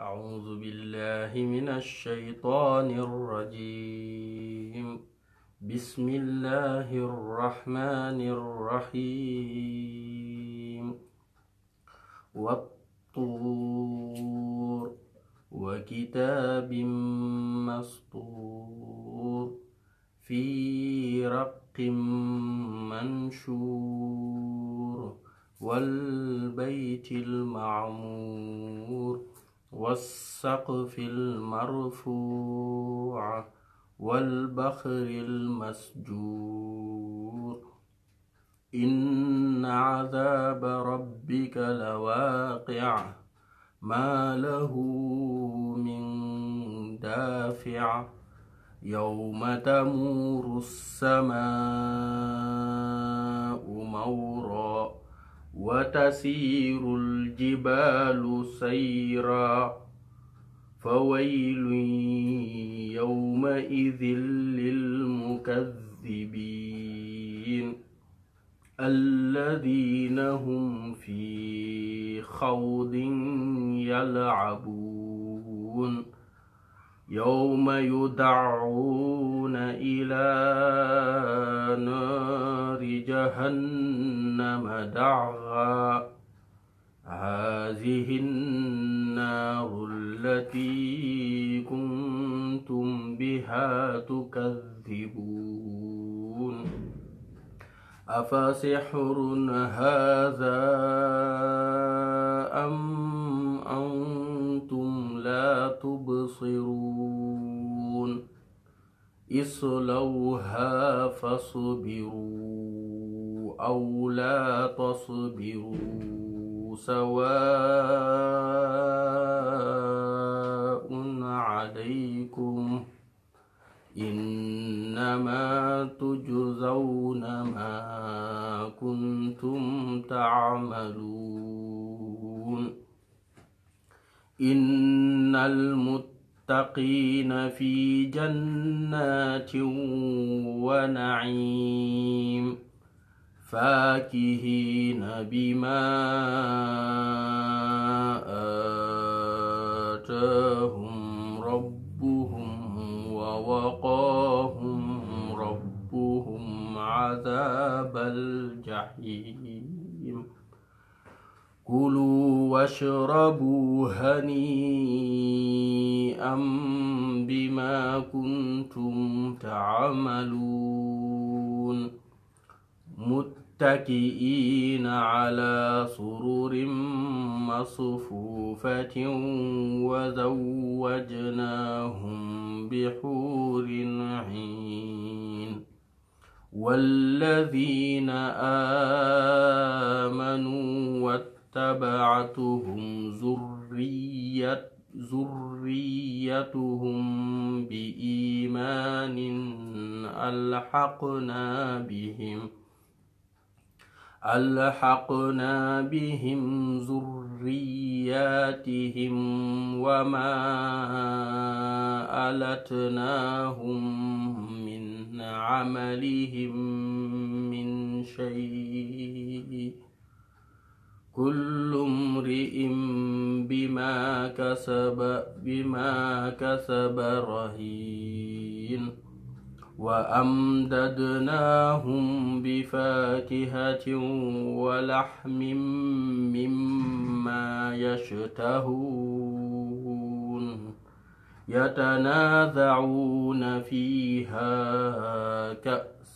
أعوذ بالله من الشيطان الرجيم بسم الله الرحمن الرحيم والطور وكتاب مسطور في رق منشور والبيت المعمور والسقف المرفوع والبخر المسجور إن عذاب ربك لواقع ما له من دافع يوم تمور السماء مورا وتسير الجبال سيرا فويل يومئذ للمكذبين الذين هم في خوض يلعبون يوم يدعون إلى نار جهنم دعا هذه النار التي كنتم بها تكذبون أفسحر هذا أم أنتم تبصرون اصلوها فاصبروا أو لا تصبروا سواء عليكم إنما تجزون ما كنتم تعملون إن المتقين في جنات ونعيم فاكهين بما آتاهم ربهم ووقاهم ربهم عذاب الجحيم كلوا واشربوا هنيئا بما كنتم تعملون متكئين على سرر مصفوفة وزوجناهم بحور عين والذين آمنوا واتقوا اتبعتهم ذريت ذريتهم بإيمان ألحقنا بهم ألحقنا بهم ذرياتهم وما ألتناهم من عملهم من شيء كل امرئ بما كسب بما كسب رهين وأمددناهم بفاكهة ولحم مما يشتهون يتنازعون فيها كأس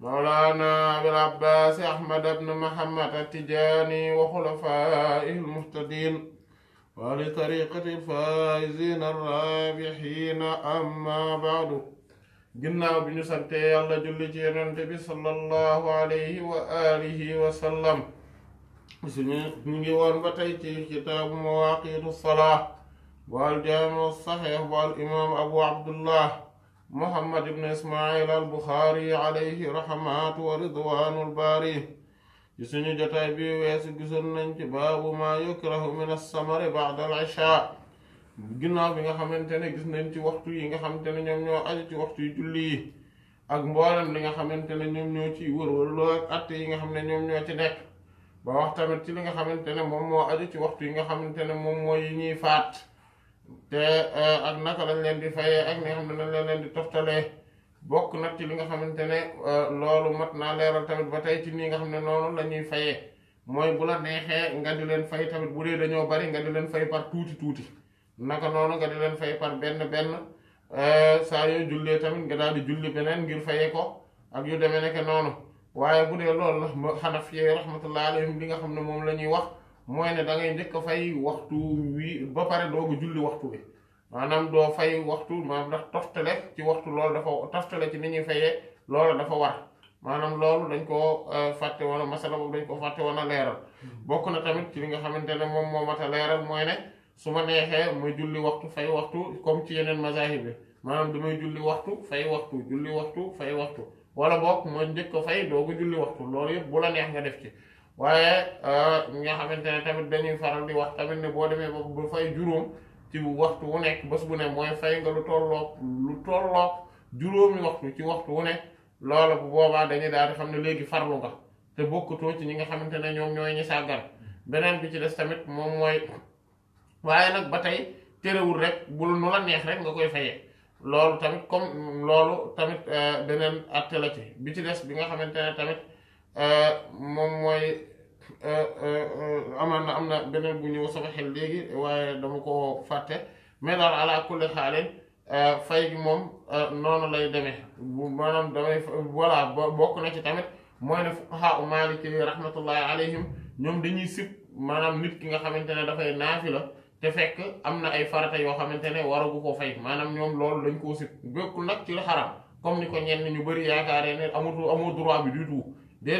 مولانا أبو العباس أحمد بن محمد التجاني وخلفائه المهتدين ولطريقة الفائزين الرابحين أما بعد جنا بن سنتي الله جل جلاله صلى الله عليه وآله وسلم نيجي وان باتاي كتاب مواقيت الصلاه والجامع الصحيح والامام ابو عبد الله muhammad ibn ismail al buxaari alayhi rahmatu wa ridwanul baari ci suñu jotaay bi wees gisoon nañ ci baabu maa yukrahu min as-samari ba'da al-isha ginnaaw bi nga xamante ne gis nañ ci waxtu yi nga xamante ne ñoom ñoo aju ci waxtu yi ak mboolem li nga xamante ne ñoom ñoo ci wërwërloo ak yi nga xam ne ñoom ñoo ci nekk tamit ci li nga xamante ne moom moo aju ci waxtu yi nga xamante ne moom mooy yi ñuy faat te e, ak naka lañ leen di fayee ak nga xam ne lañ leen di toftalee bokk nag ci li nga xamante ne e, loolu mat naa leeral tamit ba tey ci nii nga xam ne noonu lañuy ñuy fayee mooy bu la neexee nga di leen fay tamit bu dee dañoo bari nga di leen fay par tuuti tuuti naka noonu nga di leen fay par benn benn e, saa yoo jullee tamit nga daal di julli beneen ngir fayee ko ak yu demee nekk noonu waaye bu dee loolu na xanaf yee rahmatullah alayhim li nga xam ne moom la ñuy wax. mooy ne da ngay njëkk a fay waxtu wi ba pare doogu julli waxtu bi maanaam doo fay waxtu maanaam ndax toftale ci waxtu lool dafa toftale ci ni ñuy fayee loolu dafa war maanaam loolu dañ koo euh, fàtte woon a masala boobu dañ ko fàtte woon a leeral hmm. bokk na tamit ci li nga xamante ne moom moo mat a leeral mooy ne su ma neexee ma julli waxtu fay waxtu comme ci yeneen mazahib bi maanaam damay julli waxtu fay waxtu julli waxtu fay waxtu wala bokk ma njëkk ko fay doogu julli waxtu loolu yëpp bu la neex nga def ci waaye euh, nga xamante ne tamit dañuy faral di wax tamit ne boo demee ba bu fay juróom ci waxtu wu nekk bés bu ne mooy fay nga lu tollook lu tollook juróomi waxtu ci waxtu wu nekk loolu bu boobaa dañuy daal di xam ne léegi farlu nga te bokkutoo ci ñi nga xamante ne ñoom ñooy ñi sàggar beneen bi ci des tamit moom mooy waaye nag ba tey terewul rek koy fayee loolu tamit comme loolu tamit euh, beneen atte la ci ci des bi nga xamante ne tamit euh, moom mooy Euh, euh, euh, amaan na am na beneen bu ñëw sama xel léegi waaye dama ko fàtte mais daal ala xaale fay gi moom noonu lay demee bu maanaam damay voilà bokk na ci tamit mooy ne fuqahaa u maaliki rahmatullahi alayhim ñoom dañuy maanaam nit ki nga xamante ne dafay naafi la te fekk am na ay farata yoo xamante ne waragu ko fay maanaam ñoom loolu dañ koo sib comme ni ko ñenn ñu bëri yaakaaree ne amul amul droit bi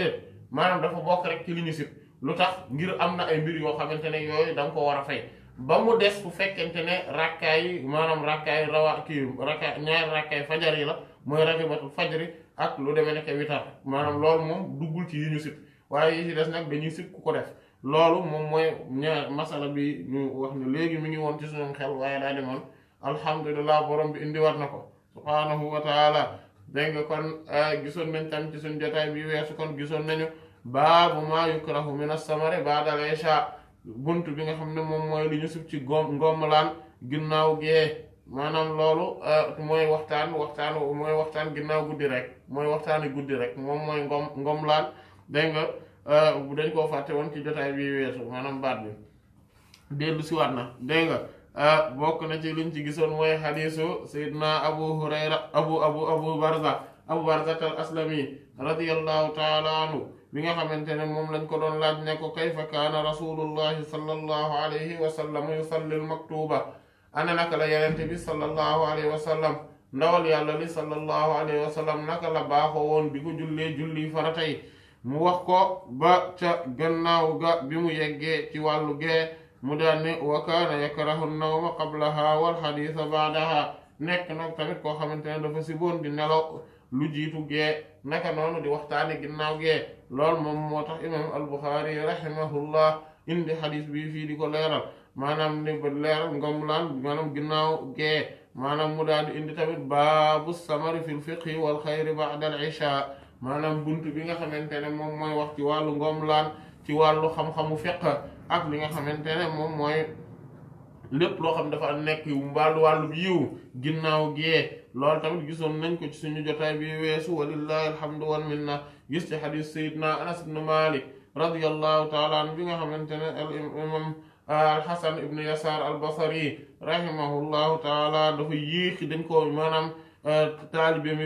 maanaam dafa bokk rek ci li ñu sib lu tax ngir am na ay mbir yoo xamante ne yooyu da nga ko war a fay ba mu des bu fekkente ne rakkaay maanaam rakkaay rawa kii rakkaay ñaari rakkaay fajar yi la mooy rabibatul fajari ak lu demee nekk witar maanaam loolu moom duggul ci yi ñu sib waaye yi ci des nag dañuy sib ku ko def loolu moom mooy ñaar masala bi ñu wax ne léegi mu ngi woon ci suñu xew waaye daa demoon alhamdulilah borom bi indiwaat na ko subhaanahu wa taala dégg nga kon ah, gisoon nañ tam ci suñ jotaay bi weesu kon gisoon nañu baabu maa yukrahu min as-samari ba'da al-isha bunt bi nga xam ne moom mooy li ñu sub ci gom ngomlaan ginnaaw gee maanaam loolu euh, mooy waxtaan waxtaan mooy waxtaan ginnaaw guddi rek mooy waxtaani guddi rek moom mooy ngom ngomlaan dégg bu euh, dañ koo fàtte woon ci jotaay bi weesu maanaam baat bi dellu si waat na dégg nga euh, bokk na ci liñ ci gisoon mooy xadiisu sayidna abu hurayra abu abu abu barza abu barza al aslami radiyallahu taala bi nga xamante ne moom lañ ko doon laaj ne ko kayfa kaana rasulullahi sallallahu alayhi wa sallam yusallil maktuba ana naka la yenente bi sallallahu alayhi ndawal yàlla li sallallahu alayhi naka la baaxoo woon bi ko jullee julli farata yi mu wax ko ba ca gannaaw ga bi mu yeggee ci wàllu gee mu daan ne wa naw yakrahu nawma qablaha wal xadiisa baadaha nekk nag tamit koo xamante ne dafa si boon di nelaw lu jiitu gee naka noonu di waxtaane ginnaaw gee lool moom moo tax imam al-Bukhari rahimahullah indi xadis bi fii di ko leeral maanaam ni ba leeral ngom laan maanaam ginnaaw gee maanaam mu daal di indi tamit baabu samari fil fiqhi wal xayri ba'da al-isha maanaam bunt bi nga xamante ne moom mooy wax ci wàllu ngom laan ci wàllu xam-xamu fiq ak li nga xamante ne moom mooy lépp loo xam dafa nekk mbaalu wàllu yiw ginnaaw gee lool tamit gisoon nañ ko ci suñu jotaay bi weesu walillahi alhamdu wal minna gis ci xadis sayidna anas ibnu malik radiallahu taala an bi nga xamante ne al imam alxasan ibnu yasaar al basari rahimahullahu taala dafa yéexi dañ ko maanaam euh, taalibe mi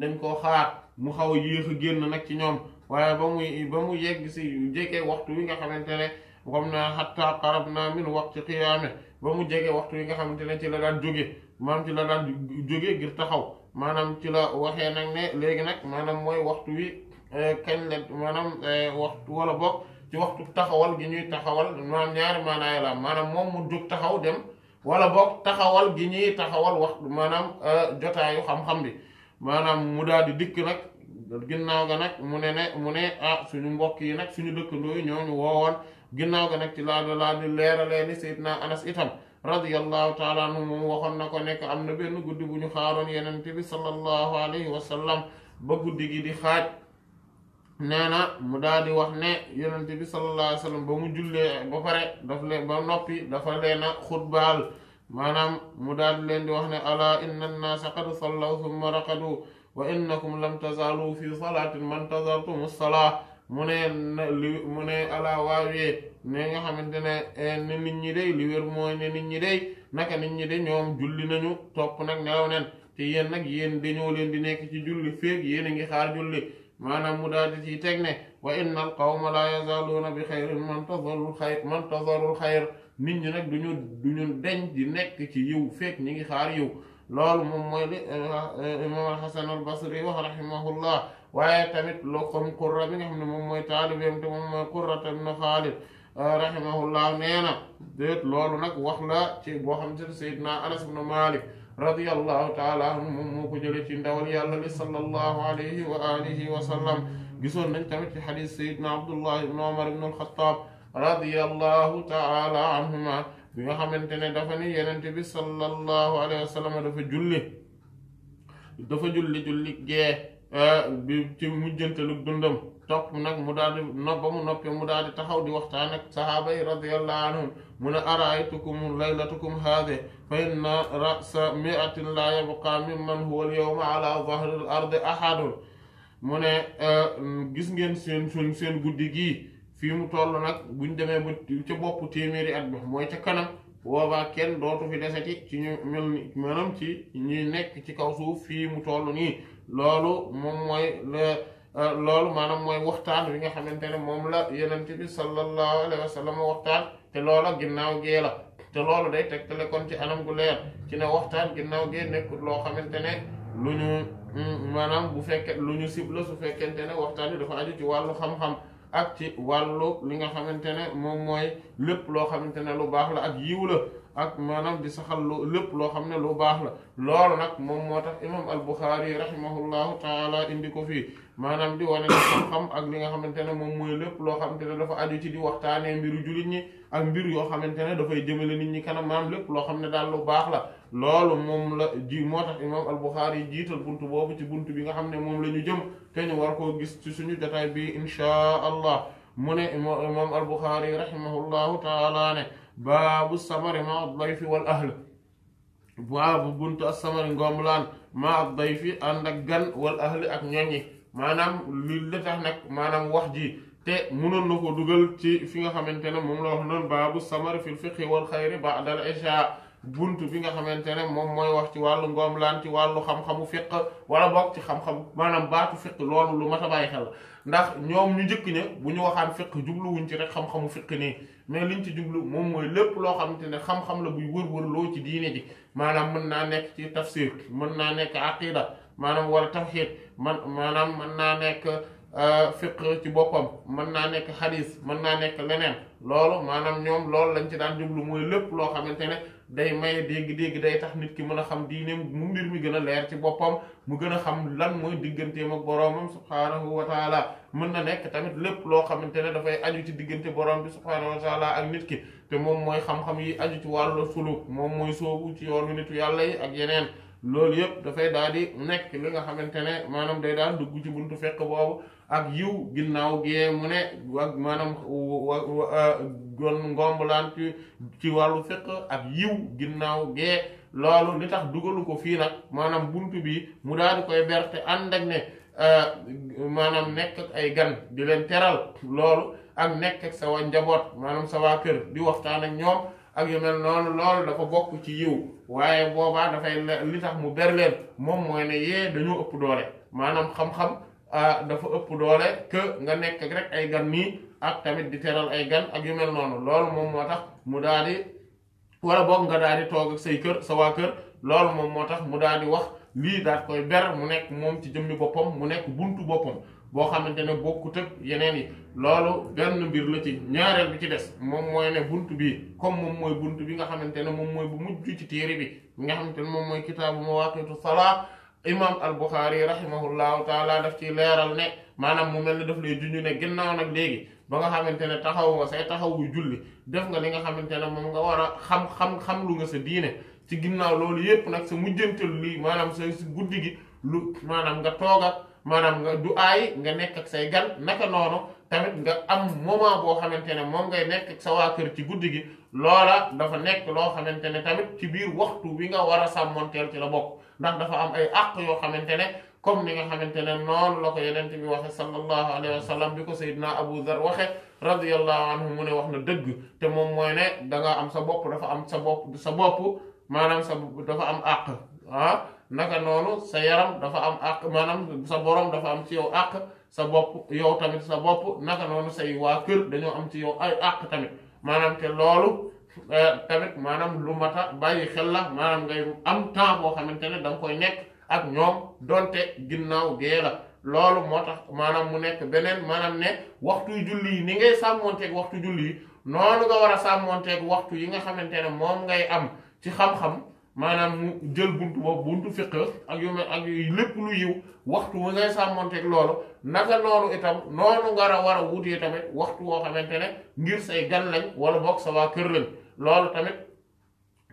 dañ ko xaar mu xaw a yéex a génn nag ci ñoom waaye ba muy ba mu yegg si jege waxtu wi nga xamante ne comme na xatta qarab naa min waqti qiyaame ba mu jege waxtu wi nga xamante ne ci la daan jóge maanaam ci la daan jóge ngir taxaw maanaam ci la waxee nag ne léegi nag maanaam mooy waxtu Euh, kañ la maanaam euh, waxtu wala bokk ci waxtu taxawal gi ñuy taxawal maanaam ñaari maanaay la maanaam moom mu jóg taxaw dem wala bokk taxawal gi ñuy taxawal waxtu maanaam euh, jotaayu xam-xam bi maanaam mu daal di dikk nag ginnaaw ga nag mu ne mu ne ah suñu mbokk yi nag suñu dëkkandoo yi ñoo ñu woowoon ginnaaw ga nag ci laa laa di leeralee ni Seydina Anas itam radiyallahu taala anhu moom waxoon na ko nekk am na benn guddi bu ñu xaaroon yenente bi sallallahu alayhi wa ba guddi gi di xaaj neena mu daadi wax ne yonente bi salallah ai sallam ba mu jullee ba pare daf le ba noppi dafa leena xutbaal maanaam mu daadi leen di wax ne ala inna annaasa qad sallaw summa raqadu wa innakum lam tazaluu fi salaatin man tazartum sala mu ne li mu ne ala waawee ne nga xamante ne eh, ne nit ñi day li wér mooy ne nit ñi day naka nit ñi de ñoom julli nañu topp nag nelaw neen te yéen nag yéen dañoo leen di nekk ci julli féeg yéen a ngi xaar julli ما لم مدادتي تكني وإن القوم لا يزالون بخير منتظر الخير منتظر الخير من ينك دنيو دنيو دن دينك كيو فيك نيجي خاريو لول مموي الإمام الحسن البصري رحمه الله ويتمت لكم قرة من حمد مموي تعالي بيمتم مموي قرة خالد رحمه الله نينا ديت لول نك وخلا تيب وخمتر سيدنا أنس بن مالك رضي الله تعالى عنه موك جلتي ندول يا الله صلى الله عليه وآله وسلم جسون من تمت حديث سيدنا عبد الله بن عمر بن الخطاب رضي الله تعالى عنهما بما خمنتنا دفني يننت بي صلى الله عليه وسلم دفع جلي دفع جلي جلي جي بيبتي مجنت لك دندم top nak mu daldi noppamu noppi mu daldi taxaw di waxtaan ak sahaba mu ne araaytukum laylatukum haade fa inna ra'sa mi'atin laa yabqa mimman huwa al-yawma ala zahri al-ardi ahadun mu ne gis ngeen seen seen seen guddi gii fii mu toll nag buñ demee ba ca bopp téeméeri at bi mooy ca kanam boobaa kenn dootu fi deseti ci ñu mel ni maanaam ci ñuy nekk ci kaw suuf fii mu toll nii loolu moom mooy la loolu maanaam mooy waxtaan wi nga xamante ne moom la yenente bi sallallahu alayhi wa sallam waxtaan te loola ginnaaw gee la te loolu day te kon ci anam gu leer ci ne waxtaan ginnaaw gee nekkul loo xamante ne lu ñu mm, maanaam bu fekkee lu ñu sib la su fekkente ne waxtaan yi dafa aju ci wàllu xam-xam ak ci wàllu li nga xamante ne moom mooy lépp loo xamante ne lu baax la ak yiw la ak manam di saxal lu lépp lo xamne lu la loolu nak mom motax imam al-Bukhari rahimahullahu taala indi ko fi manam di wone ne xam-xam ak li nga xamantene mom moy lépp lo xamantene dafa aju ci di waxtane mbiru julit ñi ak mbir yo xamantene da fay jëmele nit ñi kanam manam lépp lo xamne dal lu bax la loolu mom la ji motax imam al-Bukhari jital buntu bobu ci buntu bi nga xamne mom lañu jëm te ñu war ko gis ci suñu jotaay bi insha allah mu imam al-Bukhari rahimahullahu taala ne baabu samari ma ad-dayfi wal ahl baabu buntu as-samari laan ma bay dayfi ànd ak gan wal ahli ak ñoñi maanaam li la tax nag maanaam wax ji te mënoon na ko dugal ci fi nga xamante ne moom la wax noonu baabu samari fil fiqhi wal xayri ba'dal isha bunt bi nga xamante ne moom mooy wax ci wàllu ngoom laan ci wàllu xam-xamu fiq wala bokk ci xam-xamu maanaam baatu fiq loolu lu mat a xel ndax ñoom ñu njëkk ña bu ñu waxaan fiq jubluwuñ ci rek xam-xamu nii mais liñ ci jublu moom mooy lépp loo xamante ne xam-xam la buy wër-wër loo ci diine ji maanaam mën naa nekk ci tafsir mën naa nekk aqida maanaam wala tawxiid man maanaam mën naa nekk euh, fiqh ci boppam mën naa nekk xadis mën naa nekk leneen loolu maanaam ñoom loolu lañ ci daan jublu mooy lépp loo xamante ne day maye dégg-dégg day tax nit ki mën a xam diineem mu mbir mi gën a leer ci boppam mu gën a xam lan mooy digganteem ak boroomam subhaanahu wa taala mën na nekk tamit lépp loo xamante ne dafay aju ci diggante boroom bi subhaanahu wa taala ak nit ki te moom mooy xam-xam yi aju ci wàllu suluk moom mooy soobu ci yoonu nitu yàlla yi ak yeneen loolu yëpp dafay daal nekk li nga xamante ne maanaam day daal dugg ci buntu fekk boobu ak yiw ginnaaw gee mu ne ak maanaam gon ngombalaan ci ci wàllu fiq ak yiw ginnaaw gee loolu li tax dugalu ko fii nag maanaam buntu bi mu daal di koy berte ànd ak ne euh, maanaam nekk ak ay gan di leen teral loolu ak nekk ak sa waa njaboot maanaam sa waa kër di waxtaan ak ñoom ak yu mel noonu loolu dafa bokk ci yiw waaye boobaa dafay li tax mu berleen moom mooy ne yee dañoo ëpp doole maanaam xam-xam Ah, dafa ëpp doole que nga nekk rek ay gan nii ak tamit di teral ay gan ak yu noonu loolu moom moo tax mu daal di wala boog nga daal di toog ak say kër sa waa kër loolu moom moo tax mu daal di wax lii daal koy ber mu nekk moom ci jëmmi boppam mu nekk bunt boppam boo xamante ne bokkut yeneen yi loolu benn mbir la ci ñaareel bi ci des moom mooy ne bunt bi comme moom mooy bunt bi nga xamante ne moom mooy bu mujj ci téere bi nga xamante ne moom mooy kitaabu mawaaqiitu salaa imam al Buxaari rahimahullahu taala daf ciy leeral ne maanaam mu mel ne daf lay junj ne ginnaaw nag léegi ba nga xamante ne taxaw nga say taxaw wu julli def nga li nga xamante ne moom nga war a xam xam xam lu nga sa diine ci ginnaaw loolu yépp nag sa mujjantal lii maanaam sa guddi gi lu maanaam nga toog maanaam nga du aay nga nekk ak say gan naka noonu tamit nga am moment boo xamante ne moom ngay nekk ak sa waa kër ci guddi gi loola dafa nekk loo xamante ne tamit ci biir waxtu wi nga war a sàmmonteel ci la bopp ndax dafa am ay àq yoo xamante ne comme ni nga xamante ne noonu la ko yenent bi waxe sallallahu alayhi wa sallam bi ko sayyidina Abu Dhar waxe radiyallahu anhu mu ne wax na dëgg te moom mooy ne da nga am sa bopp dafa am sa bopp sa bopp maanaam sa dafa am àq ah, naka noonu sa yaram dafa am àq maanaam sa borom dafa am ci yow àq sa bopp yow tamit sa bopp naka noonu say waa kër dañoo am ci yow ay àq tamit maanaam te loolu eh, tamit maanaam lu mat a bàyyi xel la maanaam ngay am temps boo xamante ne da nga koy nekk ak ñoom donte ginnaaw gee la loolu moo tax maanaam mu nekk beneen maanaam ne waxtu julli yi ni ngay sàmmonteeg waxtu julli yi noonu nga war a sàmmonteeg waxtu yi nga xamante ne moom ngay am ci xam-xam maanaam mu jël buntu boobu buntu fiq ak yu mel ak lépp lu yiw waxtu wa ngay sàmmonteeg loolu naka noonu itam noonu nga war a wutee tamit waxtu woo xamante ne ngir say gan lañ wala boog sa waa kër lañ loolu tamit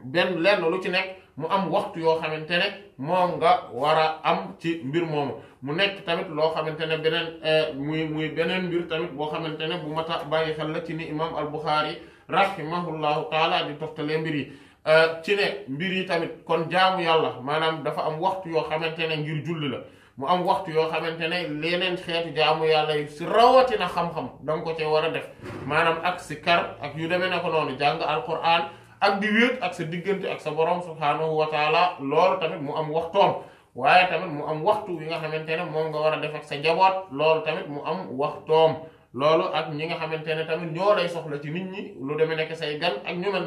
benn lenn lu ci nekk mu am waxtu yoo xamante ne moom nga war a am ci mbir moomu mu nekk tamit loo xamante ne beneen eh, muy muy beneen mbir tamit boo xamante ne bu ma ta bàyyi xel la ci ni imam al Buxaari rahimahullahu taala di toftalee mbir yi Euh, ci ne mbir yi tamit kon jaamu yàlla maanaam dafa am waxtu yoo xamantene ngir julli la mu am waxtu yoo xamantene leneen xeetu jaamu yàlla yi si rawatina xam-xam da ko ci war def maanaam ak si kar ak yu demee ne ko noonu jàng alquran ak di wéet ak sa diggante ak sa borom wataala wa taala loolu tamit mu am waxtoom waaye tamit mu am waxtu yi nga xamantene ne moom nga war a def ak sa njaboot loolu tamit mu am waxtoom loolu ak ñi nga xamantene tamit ñoo lay soxla ci nit ñi lu demee nekk say gan ak ñu mel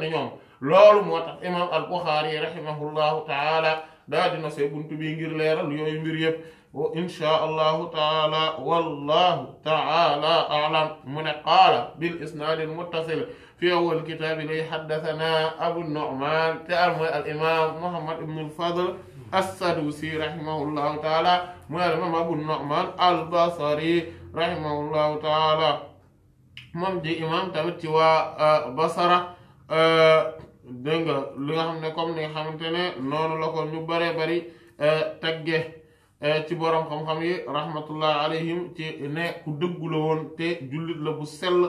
loolu motax imam al bukhari rahimahullahu taala daa dina see buntu bi ngir leral yoy mbir yeb wa insha allah taala wallahu taala alam mun qala bil isnad al muttasil fi awwal kitab li hadathana abu nu'man te al mooy al imaam muhammad ibn al fadl as-sadusi rahimahullahu taala mun al imaam abu nu'man al basri rahimahullahu taala mom di imam tamit ci waa basara dégg nga li nga xam ne comme ni nga xamante ne noonu la ko ñu bare bari euh, tagge euh, ci boroom xam-xam yi rahmatullah alayhim ci ne ku dëggu woon te jullit la bu sell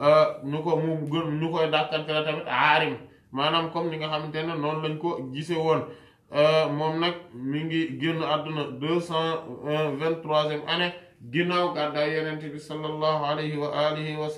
euh, ñu ko mu gën ñu koy dàkkante la tamit aarim maanaam comme ni nga xamante ne noonu lañ ko gise woon moom nag mu ngi génn àdduna deux cent vingt-troisième année ginnaaw gàddaay yenente bi sallallahu alayhi wa alihi wa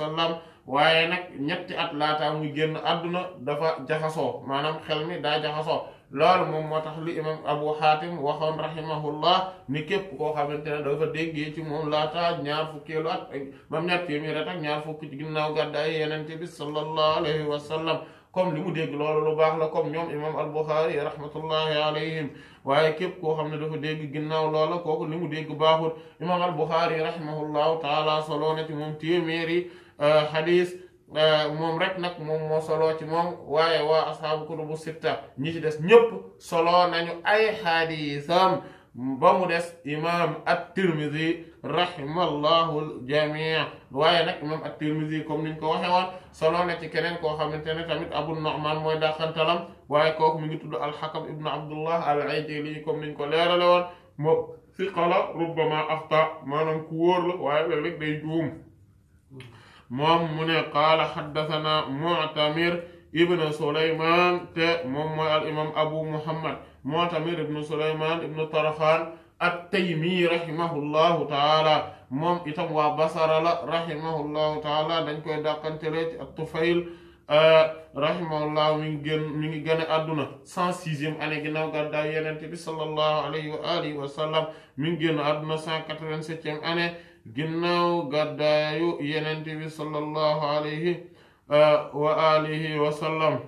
waaye nag ñetti at laataa muy génn àdduna dafa jaxasoo maanaam xel mi daa jaxasoo loolu moom moo tax li imam abu xaatim waxoon rahimahullah ni képp koo xamante ne dafa déggee ci moom laataa ñaar fukkeelu at mam ñett téeméer at ak ñaar fukk ci ginnaaw gàddaay yenente bi sallallahu alayhi wa sallam comme li mu dégg loolu lu baax la comme ñoom imam al buxaari rahmatullahi alayhim waaye képp koo xam ne dafa dégg ginnaaw loola kooku li mu dégg baaxut imam al buxaari rahimahullahu taala soloo na ci moom téeméeri xadis euh, euh, moom rek nag moom moo soloo ci moom waaye wa asxaabu kutubu sitta ñi ci des ñëpp soloo nañu ay xadisam ba mu des imam at-Tirmidhi rahimallahu al-jamii waaye nag imam at-Tirmidhi comme niñ ko waxee woon na ci keneen koo xamante ne tamit Abu Nu'man mooy dàqantalam waaye kooku mi ngi tudd al-Hakam ibnu Abdullah al-Ajli comme niñ ko leerale woon moo siqa la rubbama afta maanaam ku wóor la waaye léeg-léeg day juum moom mu ne qaala xaddathana mu'tamir ibn suleyman te moom mooy al imam abu muhammad mu'tamir ibn suleyman ibn tarxaan at-taymi rahimahullahu taala moom itam waa basara la rahimahullahu taala dañ koy dàqantele ci at-tufayl rahimahullah mi ngi gën mi ngi gën a àdduna cent sixième année ginnaaw gàddaay yenente bi sallallahu alayhi wa alihi wa sallam mi ngi génn àdduna cent quatre-vingt-septième année ginnaaw gàddaayu yenent bi sallallahu alayhi uh, wa alihi wa sallam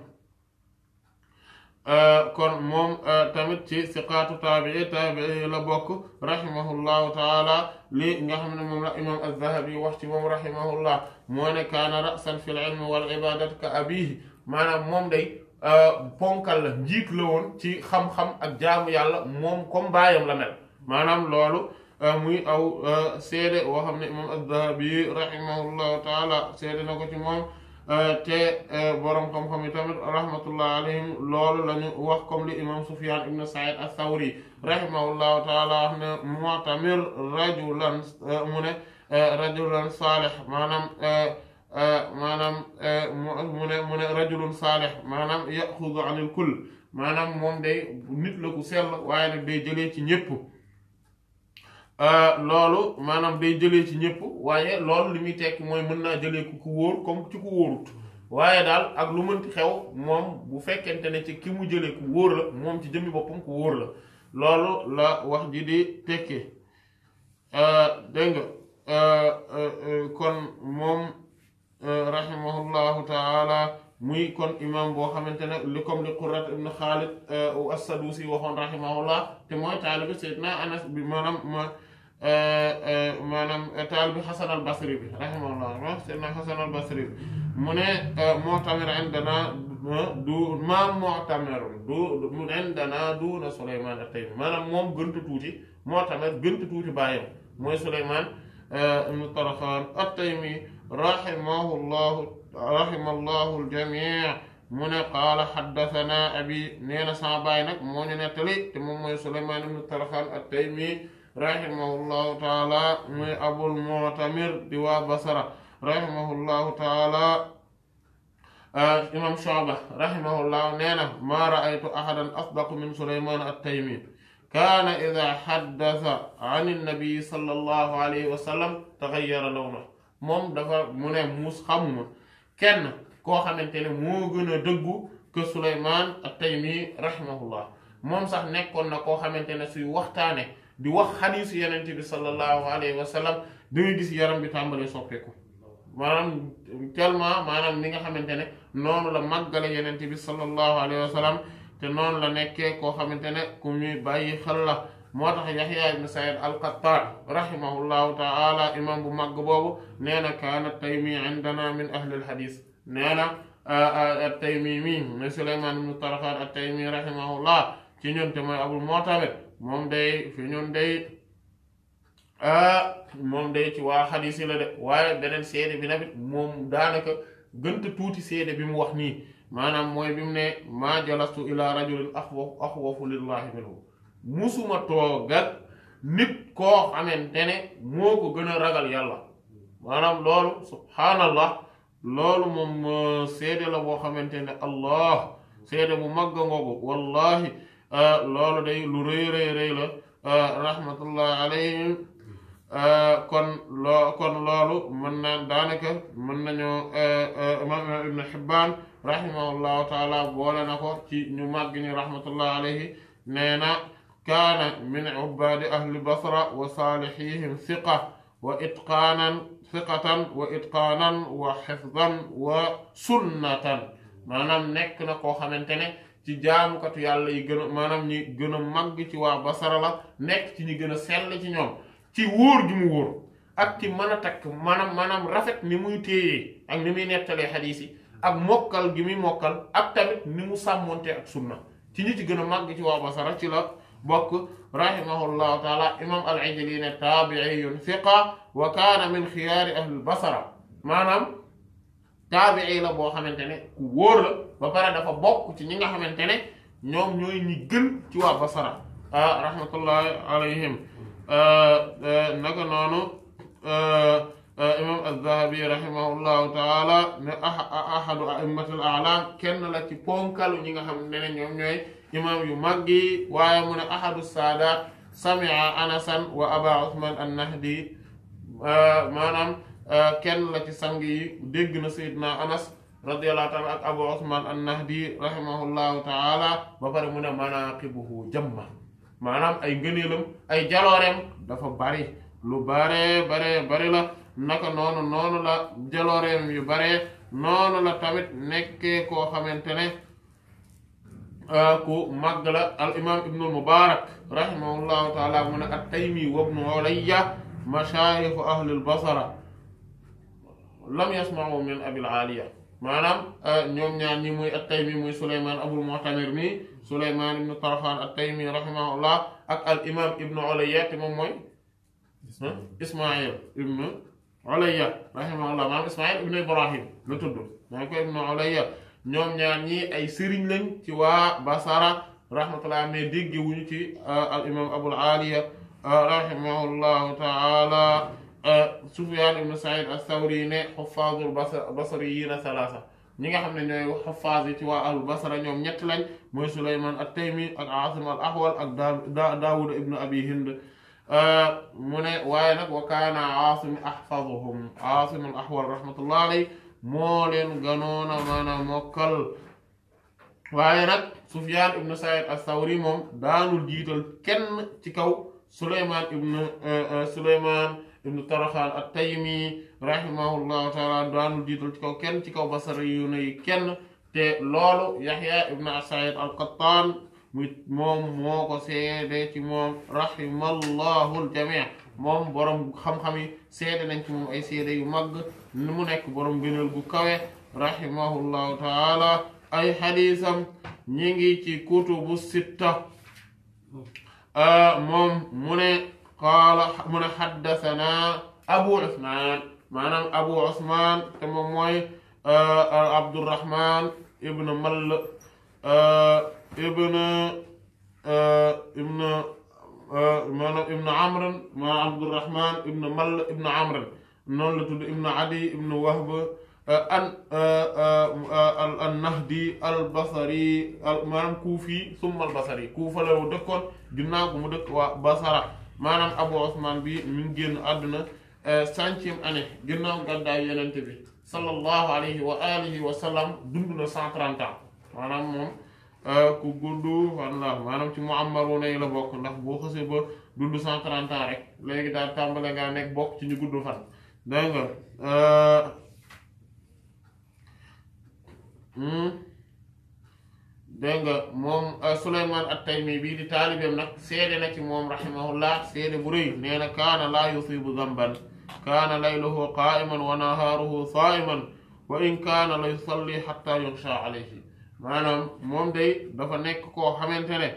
uh, kon moom uh, tamit ci siqaatu taabii taabii la bokk rahimahullahu taala li nga xam ne moom la imam az-Zahabi wax ci moom rahimahullah moo ne kaana rasan fi l ilmi wal ibadat ka abihi maanaam moom day ponkal la njiit la woon ci xam-xam ak jaamu yàlla moom comme baayam la mel maanaam loolu Euh, muy aw euh, seede woo xam ne imam az-Zahabi rahimahullahu taala seede na ko ci moom euh, te borom xam-xam yi tamit rahmatullah alayhim loolu la wax comme li imam Sufyan ibn Sa'id ath-Thawri rahimahullahu taala wax ne mu'tamir rajulan mu ne rajulan saalih maanaam maanaam mu ne mu ne rajulun saalih maanaam yaxudu anil maanaam moom day nit la ku sell waaye nag day ci ñépp Euh, loolu maanaam day jëlee ci ñëpp waaye lool li muy tekki mooy mën naa jëlee ku ku wóor comme ci ku wóorut waaye daal ak lu mënti xew moom bu fekkente ne ci ki mu jëlee ku wóor la moom ci jëmmi boppam ku wóor la loolu la wax ji di tekki euh, dégg nga euh, kon moom rahimahullahu taala muy kon imam boo xamante ne li comme li Qurrat ibn Khalid as-Sadusi waxoon rahimahullah te mooy taalibi Seydina Anas bi maanaam maanaam taal bi Xasan al Basri bi rahimahullah wax seydna Xasan al Basri bi mu ne mu'tamir indana du maam mu'tamir du mu indana duuna Souleymane at-Taymi maanaam moom gëntu tuuti mu'tamir gëntu tuuti baayam mooy Souleymane ibnu Tarxaan at-Taymi rahimahullahu rahimallahu al-jamii' mu ne qaala xaddathana abi nee na sama baay nag moo ñu nettali te moom mooy Souleymane ibnu Tarxaan at-Taymi رحمه الله تعالى من أبو المعتمر دوا بصرة رحمه الله تعالى آه، إمام شعبة رحمه الله نينا ما رأيت أحدا أصدق من سليمان التيمين كان إذا حدث عن النبي صلى الله عليه وسلم تغير لونه موم دفا من موس خمم كان كو خامتيني مو غنا دغو كسليمان التيمي رحمه الله موم صح نيكون نكو خامتيني سوي وقتانه di wax xadiis yenente bi sallallahu alayhi wa sallam da ngay gis yaram bi tàmbalee soppeeku maanaam tellement maanaam ni nga xamante ne noonu la màggale yenente bi sallallahu alayhi wa sallam te noonu la nekkee koo xamante ne ku ñuy bàyyi xel la moo tax yaxya ibn sayid alqattaan rahimahullahu taala imam bu màgg boobu nee kaana taymi indana mi suleyman ibnu tarxaan at taymi rahimahullah ci ñun te mooy abul mootamit mom day fiñun day a mom day ci wa hadisi la de waye benen seede bi nabit mom danaka gënta tuuti seede bi mu wax ni manam moy bimu ne ma jalastu ila rajulin akhwafu akhwafu lillahi minhu musuma togal nit ko xamantene moko gëna ragal yalla manam lolu subhanallah lolu mom seede la bo xamantene allah seede bu magga ngogo wallahi lolu day lu reey reey reey la rahmatullah alayhim kon lo kon lolu man na danaka man nañu imam ibn hibban rahimahullah taala boole nako ci ñu mag ñi rahmatullah alayhi neena na kaana min ubbaadi ahli basra wa saalihihim siqa wa itqaanan siqatan wa itqaanan wa xifdan wa sunnatan maanaam nekk na koo xamante ne ci jaamukatu yàlla yi gën a maanaam gën a màgg ci waa Basara la nekk ci ñi gën a sell ci ñoom ci wóor gi mu wóor ak ci mën a takk maanaam maanaam rafet ni muy téyee ak ni muy nettalee xadiis yi ak mokkal gi muy mokkal ak tamit ni mu sàmmoonte ak sunna ci ñi ci gën a màgg ci waa Basara ci la bokk rahimahullahu taala imam al-Ijli ne taabi'iyun thiqa wa kaana min xiyaari ahlil Basara maanaam taabii la boo xamante ne ku wóor la ba pare dafa bokk ci ñi nga xamante ne ñoom ñooy ñi gën ci waa Basara rahmatullahi alayhim naka noonu imam az-Zahabi rahimahullahu taala ne ah, ahadu a'immatul a'lam kenn la ci ponkalu ñi nga xamante ne ñoom ñooy imam yu mag yi waaye mu ne ahadu saadaat sami'a anasan wa aba usman an maanaam Euh, kenn la ci sang yi dégg na Seydina Anas radiyallahu taala ak Abu Osman an-Nahdi rahimahullahu ba pare mu ne manaqibuhu jamma maanaam ay ngëneelam ay jalooreem dafa bari lu bare bare bari la naka noonu la jalooreem yu bare noonu la tamit nekkee koo xamante ne euh, ku màgg la al imam ibnul mubarak rahimahullahu taala mu ne at-Taymi wa ibnu Ulayya mashaayixu ahlil basara lam yasma'u min abil aliya maanaam euh, ñoom ñaar ñi muy at muy Souleymane Abul Mu'tamir mi Souleymane ibnu Tarxaan at-Taymi ak al imam ibnu Ulayya te moom mooy Ismaïl ibnu Ulayya rahimahullah maanaam Ismaïl ibnu Ibrahim la tudd maanaam ko ibnu Ulayya ñoom ñaar ñi ay sëriñ lañ ci waa Basara rahmatullah mais dégge wuñu ci euh, al imam Abul Aliya euh, rahimahullahu taala Sufyaan ibn Sa'iid as-Sawri ne xuffaazul basri yi na salaasa ñi nga xam ne ñooy xuffaaz yi ci waa ahlu basra ñoom ñett lañ mooy Sulaymaan at-Taymi ak Aasim al-Ahwal ak Daawuud ibn Abi Hind mu ne waaye nag wa kaana Aasim ahfazuhum Aasim al-Ahwal rahmatullahi alayhi moo leen gënoon a mën a mokkal waaye nag Sufyaan ibn Sa'iid as-Sawri moom daanul jiital kenn ci kaw Sulaymaan ibn Sulaymaan ibnu taraxaan ak taymi rahimahullahu taala daanul jiital ci kaw kenn ci kaw basara yu kenn te loolu yaxya ibnu asaid al qattaan moom moo ko seede ci moom rahimallahu aljamii moom borom xam-xam seede nañ ci moom ay seede yu mag mu nekk borom gënal gu kawe rahimahullahu taala ay xadiisam ñi ngi ci kutubu sitta hmm. ah, moom mu ne قال من حدثنا أبو عثمان معنى أبو عثمان تمموي آه، آه، عبد الرحمن ابن مل آه، ابن ابن معنى ابن عمرو مع عبد الرحمن ابن مل ابن عمرو نون لتد ابن عدي ابن وهب ان النهدي البصري المعنى كوفي ثم البصري كوفه لو دكون جناكم دك وبصره maanaam abu osman bi mi génn àdduna euh, centième année ginnaaw gàddaay yenente bi sallallahu alayhi wa alihi wa sallam dund na cent maanaam moom euh, ku gudd walla maanaam ci muammaruuna yi la bokk ndax boo xësee ba dund cent rek léegi daal tàmbale ngaa nekk bokk ci ñu gudd fan dégg nga euh, hmm? dégg nga moom Souleymane at-Taymi bii di taalibeem nag seede na ci moom rahimahullah seede bu rëy nee na kaana laa yusibu zamban kaana layluhu qaiman wa naharuhu saiman wa in kaana la yusalli hatta yughsha alayhi maanaam moom day dafa nekk koo xamante ne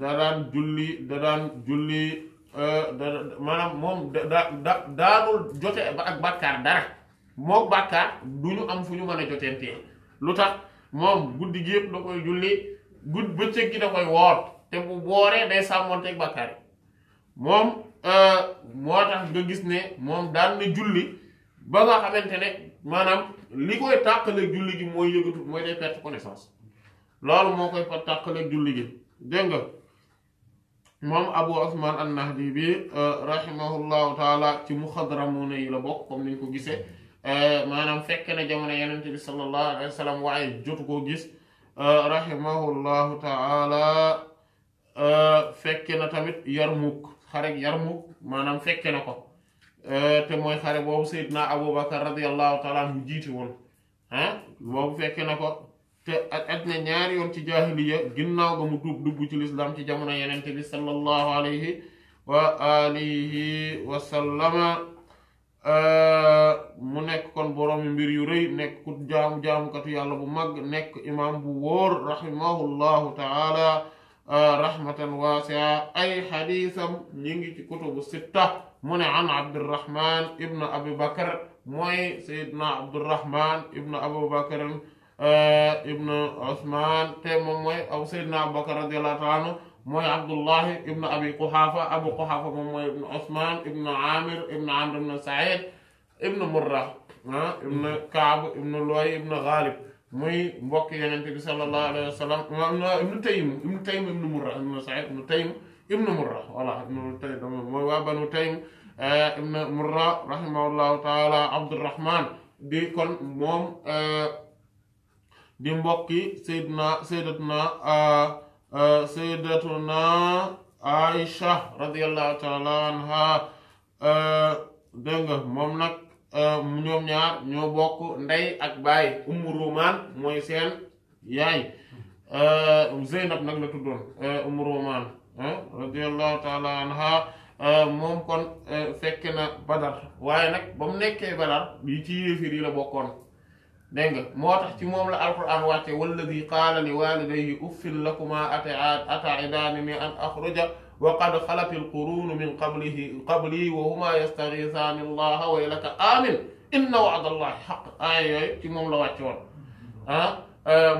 da daan julli da daan julli da maanaam moom da da daanul jote ak bàkkaar dara mook bàkkaar duñu am fu ñu mën a jotentee lu tax moom guddi gi yëpp da koy julli gudd bëccëg gi da koy woor te bu booree day sàmmonteeg bàkkaar yi moom euh, moo tax nga gis ne moom daan na julli ba nga xamante ne maanaam li koy tàqaleeg julli gi mooy yëgatu mooy day loolu moo koy fa tàqaleeg julli gi dégg nga moom Abu Osman an-Nahdi bi euh, rahimahullahu taala ci muxadramuna yi la bokk comme ni ko gisee. Eh, maanaam fekk na jamono yonent bi sallallahu alayhi wa sallam waaye jotu koo gis eh, rahimahullahu taala eh, fekk na tamit Yarmuk xare Yarmuk maanaam fekk na ko te mooy xare boobu Seydina Abubakar radiyallahu taala anhu jiiti woon ah boobu fekk na ko te aj na ñaari yoon ci jaahiliya ginnaaw ga mu duub dugg ci lislaam ci jamono yonent bi sallallahu alayhi wa alihi wa sallama Euh, mu nekk kon boroomi mbir yu rëy nekk ku jaamu jaamukatu yàlla bu mag nekk imaam bu wóor rahimahullahu taala euh, rahmatan waasia ay xadiisam ñi ngi ci kutubu sitta mu ne an abdirahman ibnu abi bakar mooy sayidna abdirahman ibnu abu bakar euh, ibnu osman te moom abu bakar radiallahu taala mooy abdullah ibnu abi quhafa abu quhafa moom mooy ibnu osman ibnu amir ibnu amr ibnu said ibnu murra ah ibnu kaab ibnu looy ibnu ghalib muy mbokk yenente bi sallallahu alayhi wa sallam ibnu taym ibnu taym ibnu murra ibnu said ibnu taym ibnu murra voilà ibnu taym mooy waa banu taym ibnu murra rahimahullahu taala abdurrahman di kon moom di mbokki saydna saydatna Uh, sayyidatuna Aisha radiyallahu taala anha uh, dégg nga moom nag uh, ñoom ñaar ñoo bokk ndey ak baay Ummu Rumaan mooy seen yaay Zeynab nag la tuddoon Ummu Rumaan radiyallahu taala anha moom kon fekk na Badar waaye nag ba nekkee Badar yi ci yéefir yi la bokkoon deng motax ci mom la alquran wàcce walladi qala li walidayhi uffil lakuma ata'idaani ni an akhruja wa qad xalat alqurun min qablihi qabli wa huma yastaghithan Allah wa ilaka amin inna wa'da Allah haqq aaya ci mom la wàcce woon ah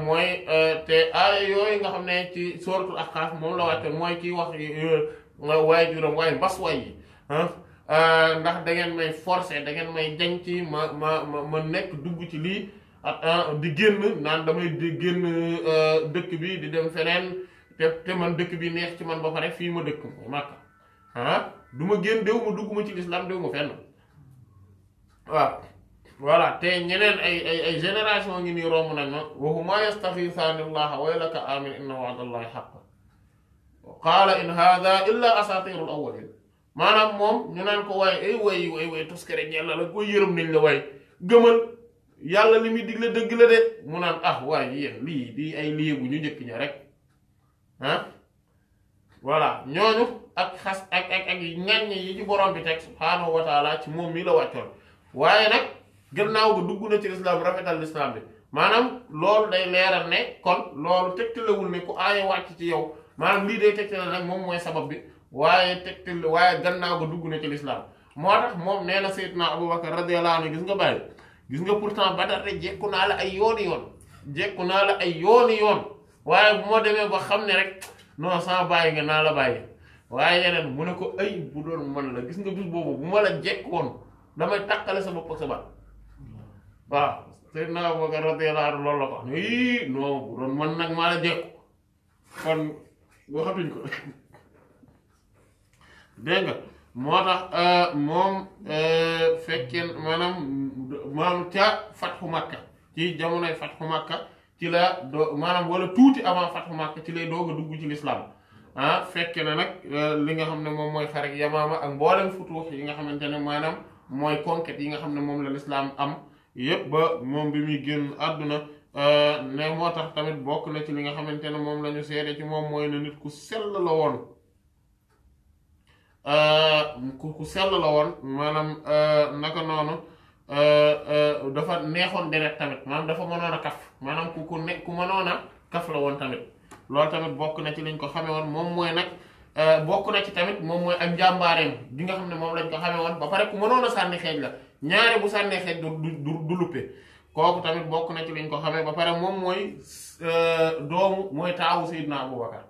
moy te aaya yooyu nga xamne ci suratul ahqaaf mom la wàcce moy ki wax nga way waaye rom way bas way yi ndax da ngeen may forcer da ngeen may jañ ci ma ma ma nekk dugg ci li Ah, ah, di génn naan damay di génn euh, dëkk bi di dem feneen te man dëkk bi neex ci man ba pare fii ma dëkk ma màkk ah du ma génn déw ma dugg ma ci lislaam déw ma fenn waaw voilà te ñeneen ay ay ay génération ni nii romb nañ ma wahuma yastaxiisaani llaha waylaka amin inna wa'dallahi xaq qaala in haada illa asatirul awwalin moom ñu naan ko waaye ay way la ko yërëm nañ la waay gëmal yàlla li muy digle dëgg la de mu naan ah waaye lii di ay lii bu ñu njëkk ña rek ah voilà ñooñu ak xas ak ak ak ñaññe yi ci borom bi teg subhaanahu ci moom mii la wàccoon waaye nag gannaaw ba dugg na ci lislaam rafetal lislaam maanaam loolu day leeral ne kon loolu tegtalewul ne ku aaya wàcc ci yow maanaam lii day tegtale nag moom mooy sabab bi waaye tegtal waaye gannaaw ba dugg na ci lislaam moo tax moom nee na Seydina Abubakar radiyallahu anhu gis nga bàyyi gis nga pourtant Badar de jekku naa la ay yooni yoon jekku naa la ay yooni yoon waaye bu ma demee ba xam ne rek non sans bàyyi nga naa la bàyyi waaye yeneen mu ne ko ay bu doon man la gis nga bis boobu bu ma la jekkoon damay tàqale sa bopp ak sa baat waaw Seydina Abubakar radiyallahu anhu loolu la ko i bu doon man nag maa la jekku kon waxatuñ ko dégg nga moo tax euh, moom euh, fekkee maanaam maanaam ca fat fatxu Makka ci jamonoy fat fatxu Makka ci la doo maanaam wala tuuti avant fatxu Makka ci lay doog dugg ci lislaam ah fekke na nag euh, li nga xam ne moom mooy xarek Yamaama ak mboolem futuux yi nga xamante ne maanaam mooy conquête yi nga xam ne moom la lislaam am yépp ba moom bi muy génn àdduna ne moo tax tamit bokk na ci li nga xamante ne moom la ñu seede ci moom mooy ne nit ku sell la woon Euh, ku ku sell la woon maanaam euh, naka noonu euh, dafa neexoon deret tamit maanaam dafa mënoon a kaf maanaam ku ku ne ku mënoon a kaf la woon tamit loolu tamit bokk na ci liñ ko xamee woon moom mooy nag bokk na tamit moom mooy ak njàmbaareem bi nga xam ne lañ ko xame woon ba pare ku sànni xeej la ñaare bu sànnee xeej du du du luppe bokk na ci liñ ko xamee ba pare moom mooy doomu mooy taawu Seydina Abubakar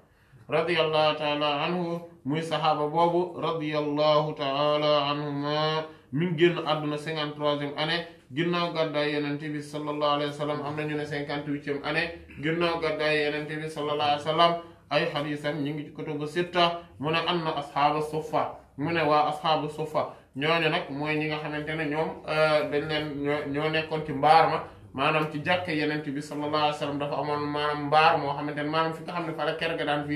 radiyallahu taala anhu muy saxaaba boobu radiyallahu taala anhuma mi ngi génn àdduna cinquante-troisième année ginnaaw gàddaay yenente bi sallallahu alayhi wa sallam am nañu ne cinquante-huitième année ginnaaw gàddaay yenente bi sallallahu alayhi wa sallam ay xadiisam ñi ngi ci kutubu sitta mu ne am na asxaaba suffa mu ne waa asxaabu suffa ñooñu nag mooy ñi nga xamante ne ñoom euh, dañ leen ñoo nekkoon ci mbaar ma maanaam ci jàkkee yenent bi sallallahu alayhi wa sallam dafa amoon maanaam mbaar moo xamante ne maanaam fi nga xam ne fa la kër ga daan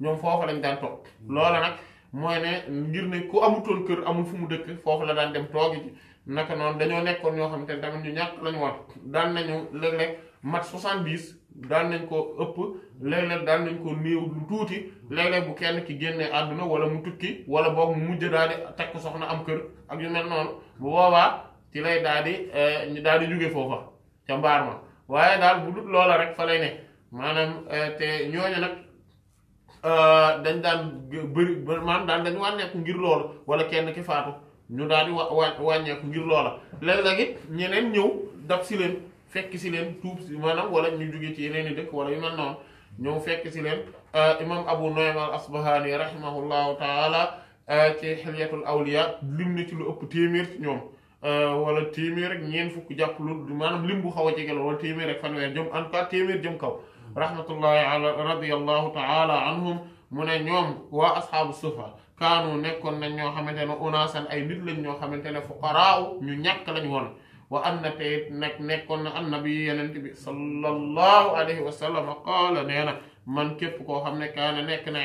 ñoom foofu lañ daan toog loola nag mooy ne ngir ne ku amutoon kër amul fu mu dëkk foofu la daan dem toogi naka noonu dañoo nekkoon ñoo xamante ne tamit ñu ñàkk lañu woon daan nañu léeg-léeg mat 70 daan nañ ko ëpp léeg daan nañ ko néew lu tuuti léeg-léeg bu kenn ki génnee àdduna wala mu tukki wala boog mujj daal di takk soxna am kër ak yu mel bu boobaa ci lay daal di eh, ñu daal di jóge foofa ca mbaar ma waaye daal bu dut loola rek fa lay ne maanaam eh, te ñooñu nag eh, dañ daan bë maanaam daal dañ wàññeeku ngir loolu wala kenn ki faatu ñu daal di wa wàññeeku ngir loola léeg-léeg ñeneen ñëw dab si leen fekk si leen tuub si maanaam wala ñu jóge ci yeneen i dëkk wala yu mel noonu ñëw fekk si leen eh, imam abu nu'aym al asbahani rahimahullahu taala ci xilyatul awliya lim na ci lu ëpp téeméer ci ñoom Euh, wala téeméer rek ñeent fukk jàpp lu maanaam lim bu xaw a jege la wala téeméer rek fanweer jëm en tout cas téeméer kaw rahmatullahi ala radiyallahu taala anhum mu ne ñoom waa asxaabu sufa kaanu nekkoon nañ ñoo xamante ne unaasan ay nit lañ ñoo xamante ne fuqaraaw ñu ñàkk lañ woon wa am na tey nag nekkoon na annabi yenent bi sallallahu alayhi wa qaala nee man képp koo xam ne kaana nekk na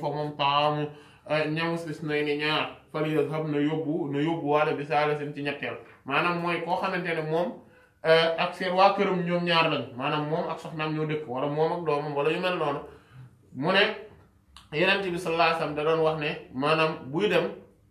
fa moom taamu ñamus euh, bis nay ni ñaar fal yadhab na yóbbu na yóbbu waale bi saala seen ci ñetteel maanaam mooy koo xamante ne moom euh, ak seen waa këram ñoom ñaar lañ maanaam moom ak soxnaam ñoo dëkk wala moom ak doomam wala yu mel noonu mu ne yenent bi sallallahu alayhi wax ne maanaam buy dem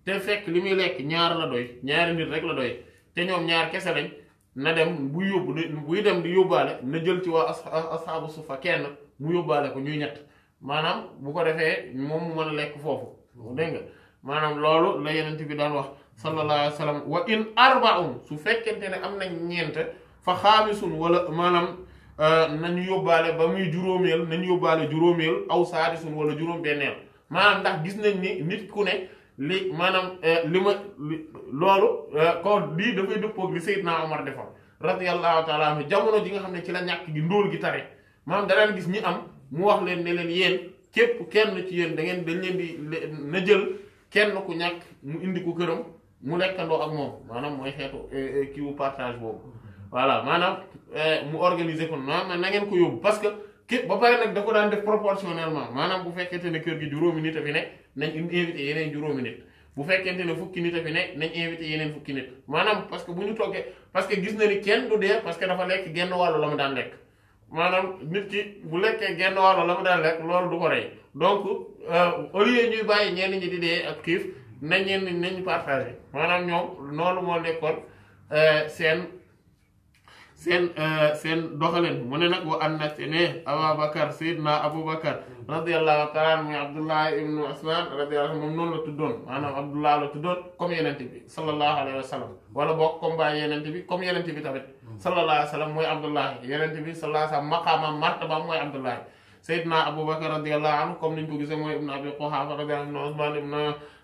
te fekk li muy lekk ñaar la doy ñaari nit rek la doy te ñoom ñaar kese lañ na dem buy yóbbu buy dem di yóbbaale na jël ci waa asxaabu sufa kenn mu yóbbaale ko ñuy ñett maanaam bu ko defee moom mu mën a lekk foofu dégg nga maanaam loolu la yenent bi daan wax sallallahu alayhi wa sallam wa in su fekkente ne am nañ ñeent fa xaamisun wala maanaam euh, nañu yóbbaale ba muy juróomeel nañu yóbbaale juróomeel aw saadisun wala juróom-benneel maanaam ndax gis nañ ni nit ku ne li maanaam euh, li ma loolu euh, ko lii dafay dëppoog li Seydina Omar defoon radiyallahu taala anhu jamono ji nga xam ne ci la ñàkk gi ndóol gi tare maanaam da daan gis ñi am mu wax leen ne leen yéen képp kenn ci yéen da ngeen dañ leen di na jël kenn ku ñàkk mu indi ko këram mu lekkandoo ak moom maanaam mooy xeetu eh, eh, kii wu partage boobu voilà maanaam eh, mu organiser ko maanaam na ngeen ko yóbbu parce que ba pare nag da ko daan def proportionnellement maanaam bu fekkente ne kër gi juróomi nit a fi ne nañ invité yeneen juróomi nit bu fekkente ne fukki nit a fi ne nañ invité yeneen fukki nit maanaam parce que bu ñu toggee parce que gis na ni kenn du parce que dafa genn wàllu la daan lekk. maanaam nit ki bu lekkee genn wàll la mu daan lekk loolu du ko rey donc euh, au lieu ñuy bàyyi ñenn ñi di dee ak xiif nañ ñenn nañ partagé maanaam ñoom noonu moo nekkoon euh, seen. seen euh, seen doxalin mu ne nag wa anna te ne Ababakar Seydina Aboubacar radiyallahu taala anhu muy Abdullah ibn Usman radiyallahu moom noonu la tuddoon maanaam Abdullah la tuddoon comme yenent bi sallallahu alayhi wa sallam wala boog comme baay yenent bi comme yenent bi tamit sallallahu alayhi wa sallam mooy Abdullah yenent bi sallallahu alayhi wa sallam maqaamam martabaam mooy Abdullah Seydina Aboubacar radiyallahu anhu comme niñ ko gisee mooy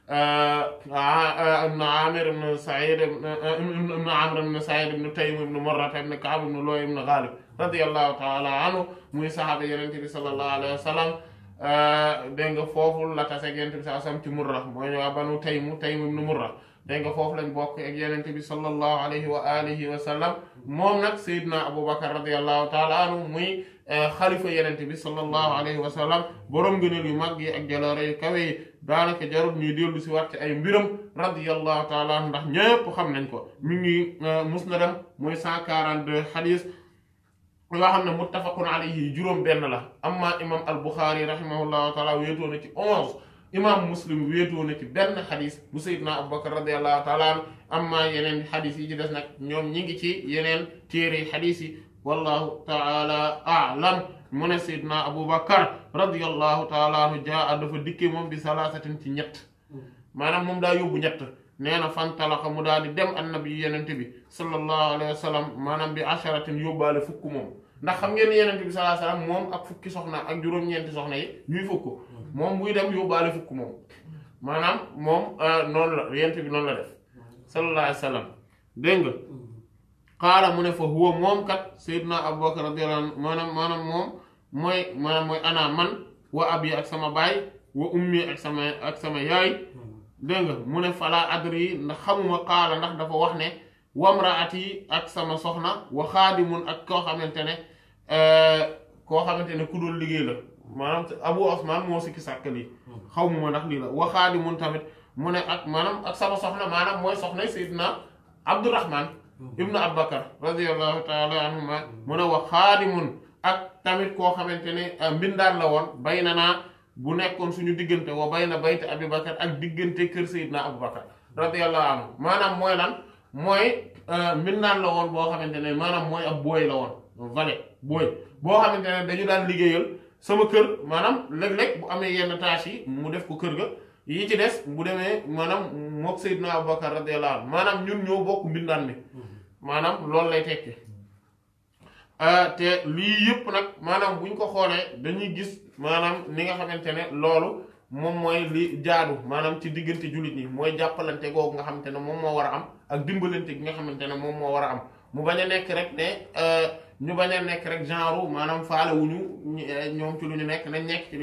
ibn amir ibn said ibn amr ibn said ibn taym ibn murrata ibn kaab ibn looy ibn ghalib radiallahu taala anhu muy sahaaba yenente bi sallallahu alayhi wa sallam dégg nga foofu la tase ak yenente bi saa sam ci murra mooy waa banu taymu taym ibn murra dégg nga foofu lañ bokk ak yenente bi sallallahu alayhi wa alihi wa sallam moom nag sayidna aboubacar radiallahu taala anhu muy xalifa yenente bi sallallahu alayhi wa sallam borom gënal yu mag yi ak jaloore yu kawe yi daanaka jarul ñuy dellu si waat ci ay mbiram radiyallahu taala ndax ñëpp xam nañ ko mi ngi euh, musnadam mooy 142 xadis yoo xam ne muttafaqun alayhi juróom benn la amma imam al buxaari rahimahullahu taala wéetoo na ci 11 imam muslim wéetoo na ci benn xadis bu sayyidna abubakar radiyallahu taala amma yeneen xadis yi ci des nag ñoom ñi ngi ci yeneen téere xadis yi wallahu taala aalam mu ne Seydina Aboubacar radiyallahu taala anhu jaa dafa dikkee moom bi salaasatin ci ñett maanaam moom daa yóbbu ñett nee na fantalaxa mu daal di dem annabi yenente bi sallallahu alayhi wa sallam maanaam bi asharatin yóbbaale fukk moom ndax xam ngeen yenente bi moom ak fukki soxna ak juróom-ñeenti soxna yi ñuy fukk moom buy dem yóbbaale fukk moom maanaam moom euh, noonu la yenente bi noonu la def sallallahu alayhi wa sallam mm-hmm. mu ne fa huwa moom kat Seydina Aboubacar radiyallahu maanaam maanaam moom mooy maanaam mooy ana man wa ab ak sama baay wa ummi ak sama ak sama yaay dégg nga mu ne falaa adri ndax xamuma xaala ndax dafa wax ne wamraat yi ak sama soxna wa xaadimun ak koo xamante ne euh, koo xamante ne ku dul liggéey la maanaam abu osman moo sikki sàkk lii xawmuma ndax lii la wa xaadimun tamit mu ne ak maanaam ak sama soxna maanaam mooy soxna sayyidina abdurahman hmm. ibnu abubakar radiallahu taala anhuma mu ne wa xaadimun ak tamit koo xamante ne euh, mbindaan la woon bay na naa bu nekkoon suñu diggante wa bay na bayti Abi Bakar ak diggante kër Seydina Abu Bakar radiyallahu anhu maanaam mooy lan mooy euh, mbindaan la woon boo xamante ne maanaam mooy ab booy la woon valet booy boo xamante ne dañu daan liggéeyal sama kër maanaam léeg-léeg bu amee yenn tâche yi mu def ko kër ga yi ci des bu demee maanaam mook Seydina Abu Bakar radiyallahu anhu maanaam ñun ñoo bokk mbindaan mi mm-hmm. maanaam loolu lay tekki Ah, te lii yëpp nag maanaam buñ ko xoolee dañuy gis maanaam ni nga xamante ne loolu moom mooy li jaadu maanaam ci diggante jullit ñi mooy jàppalante googu nga xamante ne moom moo war a am ak dimbalante gi nga xamante ne moom moo war a am mu bañ a nekk rek euh, ñu bañ a nekk rek genre maanaam faale euh, ñoom lu ñu nekk nañ nekk ci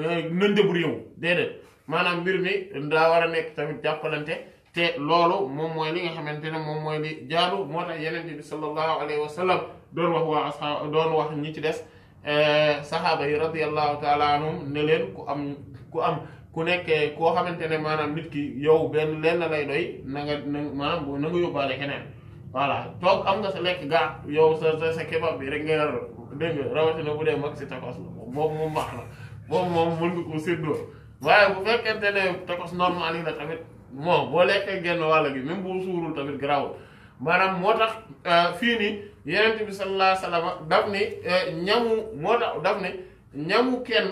yow euh, déedéet maanaam mbir mi daa war a nekk tamit jàppalante te loolu moom mooy li nga xamante ne moom mooy li jaadu moo tax yeneen bi sallallahu alayhi wa sallam doon wax waa asxaab doon wax ñi ci des eh, saxaaba yi radiyallahu taala anhum ne leen ku am ku am ku nekkee koo xamante ne maanaam nit ki yow benn leen lay doy na nga na maanaam na nga yóbbaale keneen voilà toog am nga sa lekk gaa yow sa sa kebab bi rek nga yor dégg rawatina bu dee mag si takos la moom moom baax na moom moom mën nga koo séddoo waaye bu fekkente ne takos normal la tamit bon boo lekkee genn wàll gi même boo suurul tamit garaawul. maanaam moo tax euh, fii nii yenent bi sallallahu alayhi wasallam daf ni euh, ñamu moo tax daf ni ñamu kenn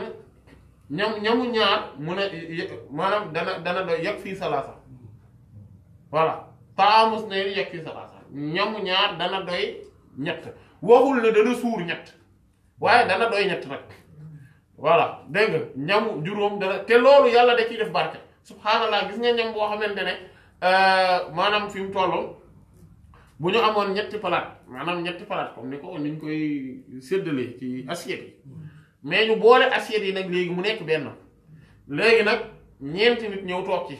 ñam ñamu ñaar mu ne maanaam dana dana doy yegg fii salaasa voilà taamus na yegg fii salaasa ñamu ñaar dana doy ñett waxul ne dana suur ñett waaye dana doy ñett nag voilà dégg ñamu juróom dana te loolu yàlla da ciy def barke subhaanallah gis nga ñam boo xamante ne euh, maanaam fi mu bu ñu amoon ñetti palaat maanaam ñetti palaat comme ni ko ni ñu koy séddalee ci assiette yi mais ñu boole assiette yi nag léegi mu nekk benn léegi nag ñeenti nit ñëw toog ci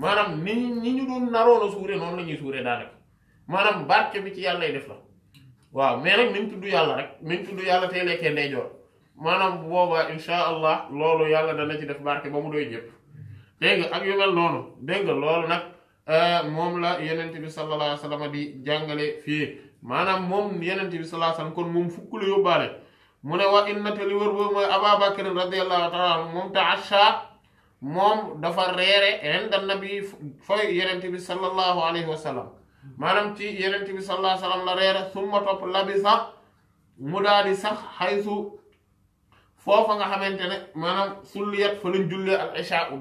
maanaam ni ni ñu doon naroon a suuree noonu la ñuy suuree daanaka maanaam barke bi ci yàlla lay def la waaw mais nag nañ tudd yàlla rek nañ tudd yàlla tey lekkee ndeyjoor maanaam bu boobaa insha allah loolu yàlla dana ci def barke ba mu doy jëpp dégg nga ak yu mel noonu dégg loolu nag. Euh, moom la yenente bi sallallahu alayhi wa di jàngale fii maanaam moom yenente bi sallallahu alayhi wa sallam kon moom fukk la yóbbaale mu ne wa innate li wër boobu mooy Abaa Bakr radiyallahu taala anhu moom moom dafa reere inda nabi fooy yenente bi sallallahu alayhi wa sallam maanaam ci yenente bi sallallahu alayhi wa sallam la reere summa topp labisa mu daal di sax xaysu foofa nga xamante ne maanaam sulliyat fa lañ jullee al isha u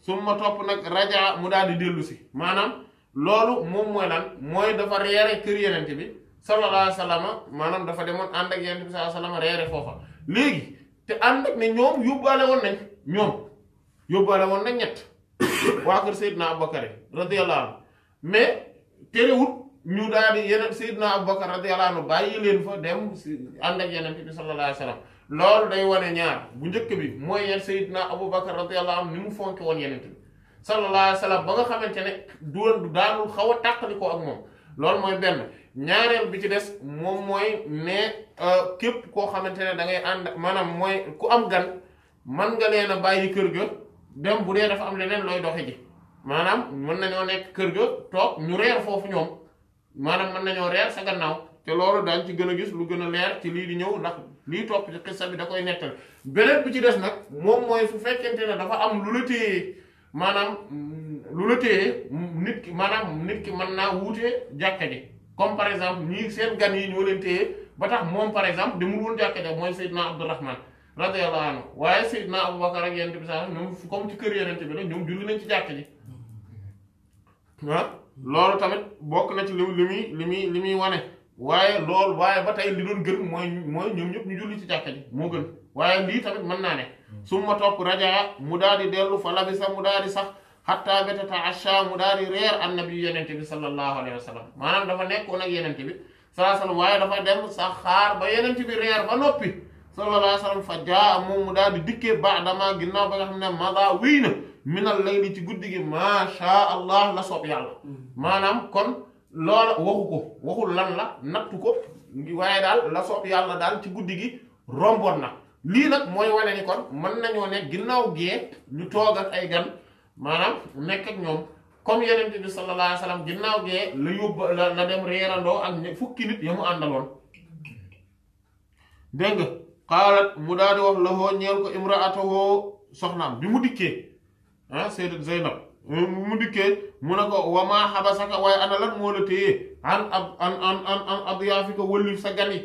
summa topp nag rajaa mu daal di dellu si maanaam loolu moom mooy lan mooy dafa reere kër yenente bi sallallahu alayhi maanaam dafa demoon ànd ak yenente bi sallallahu alayhi wa reere foofa léegi te ànd ak ne ñoom yóbbaale woon nañ ñoom yóbbaale woon nañ ñett waa kër Seydina Abubakar radiyallahu anhu mais terewut ñu daal di yeneen Seydina Abubakar radiyallahu anhu bàyyi leen fa dem ànd ak yenente bi sallallahu alayhi wa loolu day wane ñaar bu njëkk bi mooy yeen Seydina Abu Bakar radiyallahu am ni mu fonke woon yenent bi sallallahu laa wa sallam ba nga xamante ne doon daanul xaw a tàqalikoo ak moom loolu mooy benn ñaareel bi ci des moom mooy ne euh, képp koo xamante ne da ngay ànd maanaam mooy ku am gan man nga leen bàyyi kër ga dem bu dee dafa am leneen looy doxe ji maanaam mën nañoo nekk kër ga toog ñu reer foofu ñoom maanaam mën nañoo reer sa gannaaw te loolu daañ ci gën a gis lu gën a leer ci lii di ñëw ndax lii topp ci xissa bi da koy nettali beneen bi ci des nag moom mooy su fekkente ne dafa am lu la téye maanaam lu la téye nit ki maanaam nit ki mën naa wuute jàkka ji comme par exemple ñii seen gan yi ñoo leen téye ba tax moom par exemple demul woon jàkka ja mooy Seydina Abdourahman radiyallahu anhu waaye Seydina Aboubacar ak Yonent naa sax ñoom comme ci kër Yonent bi la ñoom julli nañ ci jàkka ji mm-hmm. ah loolu tamit bokk na ci li li muy li waaye loolu waaye ba tey li doon gën mooy mooy ñoom ñëpp ñu julli ci jàkka ji moo gën waaye lii tamit mën naa ne hmm. su ma topp rajaa mu daal di dellu fa labisa mu daal di sax xattaa betata asha mu daal di reer annabi yenente bi sallallahu alayhi wa sallam maanaam dafa nekkoon ak yenente bi sallallahu alayhi wa sallam waaye dafa dem sax xaar ba yenente bi reer ba noppi sallallahu alayhi wa sallam fa jaa moom mu daal di dikkee baadama ginnaaw ba nga xam ne mada wiy na minal layli ci guddi gi maasha allah la soob yàlla hmm. maanaam kon loola waxu ko waxul lan la nattu ko waaye daal la soob yàlla daal ci guddi gi romboon na lii nag mooy wane ni kon mën nañoo ne ginnaaw gee ñu toog ak ay gan maanaam nekk ak ñoom comme yeneen bi sallallahu alayhi wasallam ginnaaw gee la yóbbu la dem reerandoo ak fukki nit ya mu àndaloon dégg nga mu daal di wax la hoo ñeel ko imraatuhu soxnaam bi mu dikkee ah Sayyidat Zaynab mu dikkee mu ne ko wa maa xabasaka waaye ana lan moo la téye an an adyaafika wëllif sa gan yi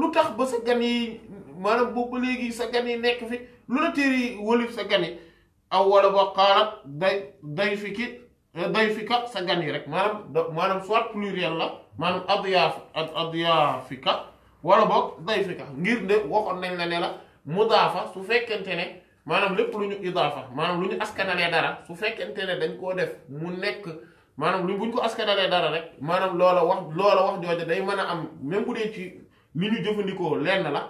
lu tax ba sa gan yi maanaam boobu léegi sa gan nekk fi lu la téye wëllif sa gan yi aw wala ba xaalat day day fi day fi sa gan rek maanaam da maanaam la maanaam adyaaf adyaafika wala boog day fi ngir de waxoon nañ la ne mudaafa su fekkente ne maanaam lépp lu ñu idaafa maanaam lu ñu askanalee dara su fekkente ne dañ koo def mu nekk maanaam lu buñ ko askanalee dara rek maanaam loola wax loola wax jooja day mën a am même bu dee ci li ñu jëfandikoo lenn la